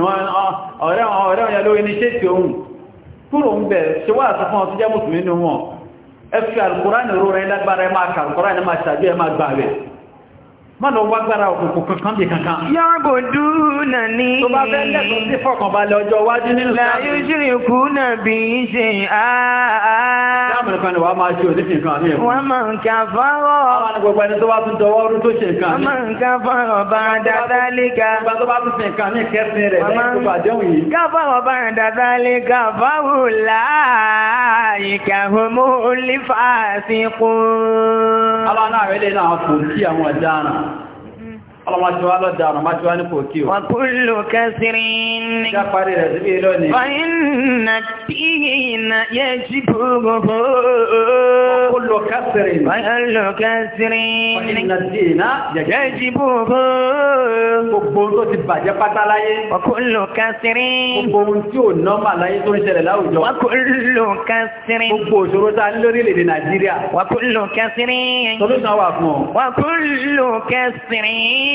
ọ̀rẹ́ ọ̀yà lórí ní ṣe tí ohun kúrò ń bẹ̀ ṣe wà sí fún ọtí jẹ́ nínú wọn rú rẹ ẹ má lọ wágbára òkùnkùn kankan bí kankan. yọ́bù dúnà ní. tó bá fẹ́ lẹ́sùn sí fọkànbalẹ̀ ọjọ́ iwájú nínú sáà. láyé jírí kú náà bí í ṣe àá. sáàmùlù kan ni wàá máa ṣe òdífin kan ní ẹ̀kọ́. wọ́n máa ń kà fọ́rọ̀. àwọn ni gbogbo ẹni tó bá tún dọwọ́ rú tó ṣe nǹkan ní. wọ́n máa ń kà fọ́rọ̀ bá dàdálíkà. gbogbo tó bá tún ṣe nǹkan ní kẹsìn rẹ̀ lẹ́yìn tó bá dẹ́hùn yìí. kà fọ́rọ̀ bá dàdálíkà fáwọn láàyíkà homo olífàásíkún. àwọn náà rẹ̀ lè náà fò sí àwọn ọ̀daràn ọlọ́mọjọ́wá lọ dáa ọ̀nàmọ́jọ́wá ní kò kí o. wà kúlù kẹsìrín ní. já parí rẹ̀ síbí lónìí. fàyínà tí ìnà yẹ jí gbogbo. kúlù kẹsìrín. kúlù kẹsìrín. fàyínà tí ìnà yẹ jí gbogbo. gbogbo tó ti bàjẹ́ pátá láyé. wà kúlù kẹsìrín. gbogbo ohun tí ò nọ́mà láyé tó ń ṣẹlẹ̀ láwùjọ. wà kúlù kẹsìrín. gbogbo òṣòro tá a ní lórílẹ̀-èdè Nàìjíríà. wà kúlù kẹsìrín. solúsàn wà fún ọ. wà kúlù kẹsìrín.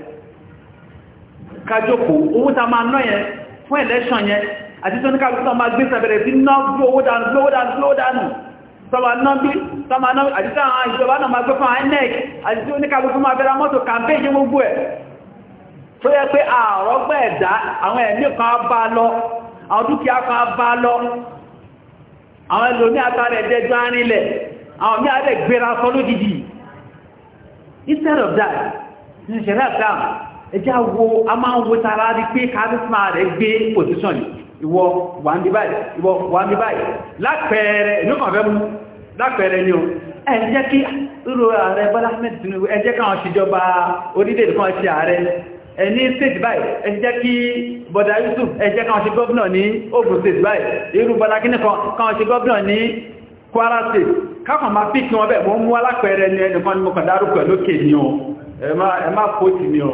kájòkó owó ta máa ná yẹn fún election yẹn àti tó ní kájòkó máa gbé sẹ̀bẹ̀rẹ̀ sí ná owó dánù owó dánù owó dánù sọba ná bí sọba ná àti tó àwọn ìjọba náà máa gbé fún INEC àti tó ní kájòkó máa bẹ̀rẹ̀ mọ́tò campaign gbogbo ẹ̀ tó yẹ pé àrọ́gbẹ́ ẹ̀dá àwọn ẹ̀mí kan bá lọ àwọn dúkìá kan bá lọ àwọn ẹlòmí àtàrẹ̀ ẹ̀dẹ́jọ́ arìnlẹ̀ àwọn mí àrẹ̀ gbéra sọ lódìdì instead of that ní ṣẹ̀rẹ̀ àtàrà ẹjá wo a máa ń wo tara rí pé charisma rẹ̀ gbé position ìwọ wà ní báyìí ìwọ wà ní báyìí lápẹẹrẹ ní ọ̀fẹ́ mú lápẹẹrẹ ní o ẹ jẹ́ kí irú ààrẹ Bọ́lá Ahmed Tinubu ẹ jẹ́ káwọn ṣèjọba orílẹ̀-èdè kan ṣe ààrẹ ẹ ní state báyìí ẹ jẹ́ kí bọ̀dà Yusuf ẹ jẹ́ káwọn ṣe gọ́ọ̀nà ní Ogun state báyìí irú Bọ́lá kíní kan káwọn ṣe gọ́ọ̀nà ní Kwara state káwọn máa píkì wọn bẹ́ẹ̀ mọ́ mú alápẹẹrẹ ní ẹnìkan ní mọ́kàndárúkọ̀ lókè ní ọ ẹ má kóòtù ní ọ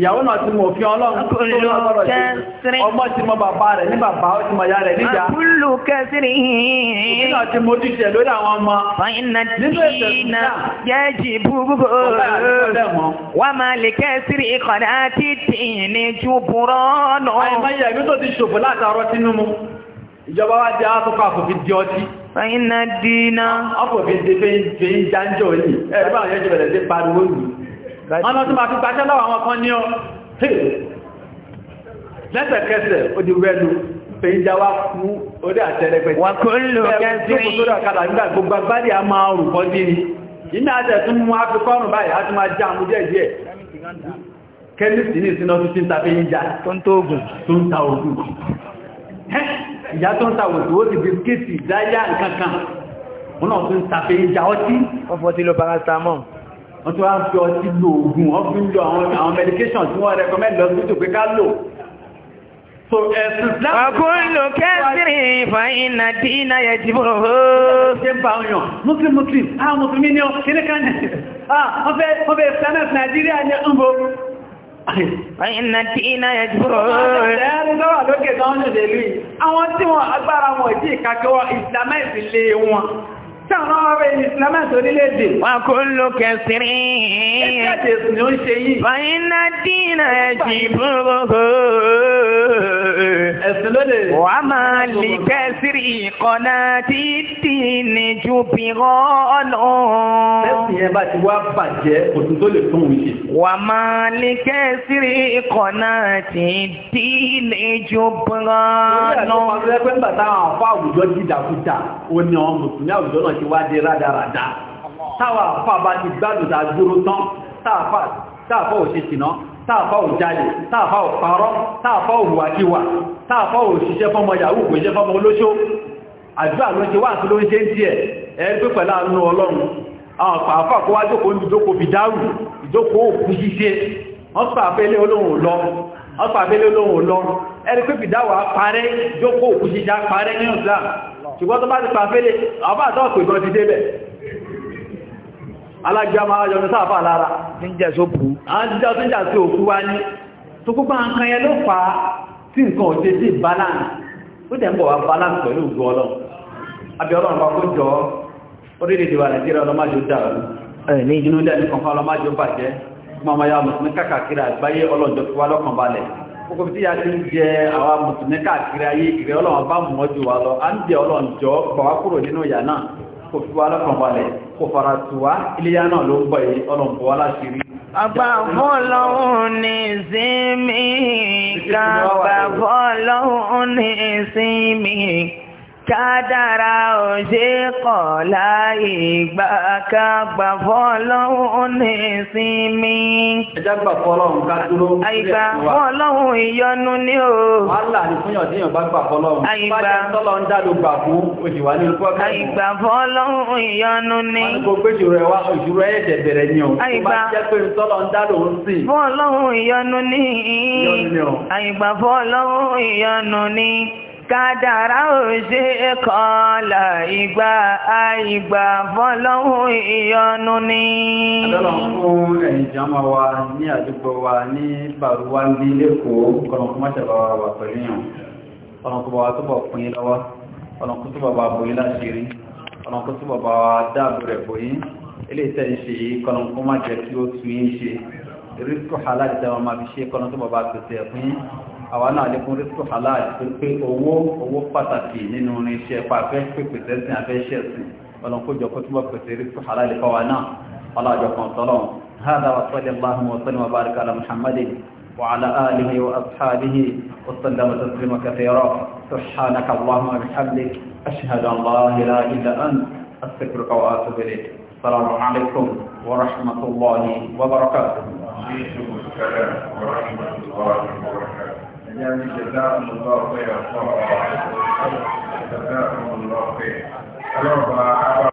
ìyàwó náà ti mọ̀ òfin ọlọ́run tó lọ́rọ̀ sí ọmọ ti mọ bàbá rẹ̀ ní bàbá ó ti mọ ya rẹ̀ níjà kúlù kẹsìrì yìí náà ti ìjọba wa jẹ́ àtúkọ̀ àfòfin di ọtí fẹ́yìn náà dínà ọkọ̀ fi ṣe fẹ́yìn jáńjọ́ yìí ẹ̀rí báwọn yẹn jẹ́ bẹ̀rẹ̀ sí pariwo yìí ọ̀nà tí ma fi gbáṣẹ́ lọ́wọ́ àwọn kan ní ọ lẹ́sẹ̀kẹsẹ̀ ó di rẹ́lu pé ń jáwá fún orí àtẹ́rẹpẹ̀ wà kó ń lò kẹ́sí kẹ́mìsì ní ìsinà tó ti ń ta fi ń jà tó ń tó ogun tó ń ta ogun ìyá tó ń ta òtò ó ti bisikíìtì ìdáyà nǹkankan wọn náà tó ń ta fi ń jà ọtí ọfọ́ tí lọ paracetamol wọ́n tó wá ń fi ọtí lò oògùn wọ́n fi ń lo àwọn medication tí wọ́n recommend lọ sí ìtòpé ká lò so ẹ̀sùn islam ọkùnlò kẹsìrì ìfàyínà dínà yẹjìbò ṣe ń bá ọyàn muslim muslim ah musulmi ah, àwọn tí wọ́n agbára wọn ìdí ìkàkẹ́wọ́ ìsìlámẹ́ ìsìlẹ̀ wọn Táwọn ọmọ ẹni Ìsìlámà tó nílé-èdè. Wà kó ló kẹsìrì. Ẹgbẹ́ àtẹ̀sùn ni ó ń ṣe yìí. Fàyínà dínà ẹ̀jì búrúkú. Ẹ̀sìn lóde. Wà máa lè kẹsìrì kọ́nà títí ní ju bí rọ́ọ̀nù. Ẹ̀sìn yẹn bá ti wá bàjẹ́ òtún tó lè tún wíṣe. Wà máa lè kẹsìrì kọ́nà títí ní ju bí rọ́ọ̀nù. Ó yẹ kí wọ́n pé ń bàtà àwọn àwùjọ dídàkúta, ó ní àwọn mùsùlùmí àwùjọ náà ti wá di rádaràdá táwà àfà bá ti gbádùdà dúró tán táàfà ò ṣe sìná táàfà ò jáde táàfà ò parọ́ táàfà ò hùwàkíwà táàfà ò ṣiṣẹ́ fọ́mọ yahoo kò ṣiṣẹ́ fọ́mọ olóṣó àdúrà ló ṣe wà tó ló ń ṣe ń díẹ̀ ẹgbẹ́ pẹ̀lú àánú ọlọ́run àwọn pàápà kó wá jókòó ní ìjókòó fi dárù ìjókòó òkú ṣíṣe ọ́pàá abẹ́lé olóhùn lọ ọ́pàá abẹ́lé olóhùn lọ ẹni pé fìdáwà parẹ́ jókòó òkú ṣíṣe parẹ́ ní ọ̀sán ṣùgbọ́n tó bá ti pàfẹ́lẹ̀ ọba àtọ́kù ìbọn ti débẹ̀ alájọ́mọ́ ayọ́nù sáàfà lára níjà tó bú àjíjọ́ tó jà sí òkú wá ní tó gbogbo tí a ti ń jẹ àwa mùsùlùmí káàkiri ayé ìrẹ́ ọlọ́run bá mọ̀ jù wá lọ à ń jẹ ọlọ́run jọ gbà wá kúrò nínú fi wá lọ́kàn balẹ̀ kò fara tù wá náà ló ń bọ̀ yìí ọlọ́run bọ̀ wá láṣìírí. Àbàbọ́lọ́hún ní ìsinmi, kàbàbọ́lọ́hún ní ìsinmi kádàrá ò ṣe kọ̀ láyé ìgbà kágbà fọ́lọ́hún ní ìsinmi. ẹja gbà fọ́lọ́hún ká dúró. àyíká fọ́lọ́hún ìyọnu ní o. wàhálà ni fúnyàn tí yàn bá gbà fọ́lọ́hún. àyíká bá ń dàdó gbà fún òṣìwà ní olùkọ́ kẹ́kọ̀ọ́. àyíká fọ́lọ́hún ìyọnu ní. wọn kò gbé jùrọ̀ wá òṣùrọ̀ ẹ̀ dẹ̀bẹ̀rẹ̀ ni o. àyíká fọ́lọ́hún ìyọnu ní. ìyọnu ni o. ìyọnu ní kádàrá ò ṣe é kọ́lá ìgbà àìgbà fọlọ́hún ìyọnu ni. Adọ́lọ̀ fún ẹ̀yìn jàmà wa ní àdúgbò wa ní Bàrúwá ní Lẹ́kọ̀ọ́, kọ̀lọ̀kọ́ mọ́ṣẹ̀bà wà pẹ̀lú yàn. Ọlọ́kọ́ bá túbọ̀ pín lọ́wọ́, ọlọ́kọ́ túbọ̀ bá boyí láṣìírí, ọlọ́kọ́ túbọ̀ bá dáàbò rẹ̀ boyí. Ilé iṣẹ́ àwọn náà lè kún rísù halal pé owó owó pàtàkì nínú irinṣẹ́ pàfẹ́ pèpè tẹ́sìn afẹ́ṣẹ́ sí ọlọ́nkójọ kó túbọ̀ pèsè rísù halal fáwa náà ọlọ́jọ kan tọ́lọ́ هذا وصلى اللهم وسلم وبارك على محمد وعلى آله وأصحابه وسلم تسليما كثيرا سبحانك اللهم وبحمدك أشهد أن لا إله إلا أنت أستغفرك وأتوب إليك السلام عليكم ورحمة الله وبركاته. ورحمة الله وبركاته. يعني جزاهم الله الله خير الله خير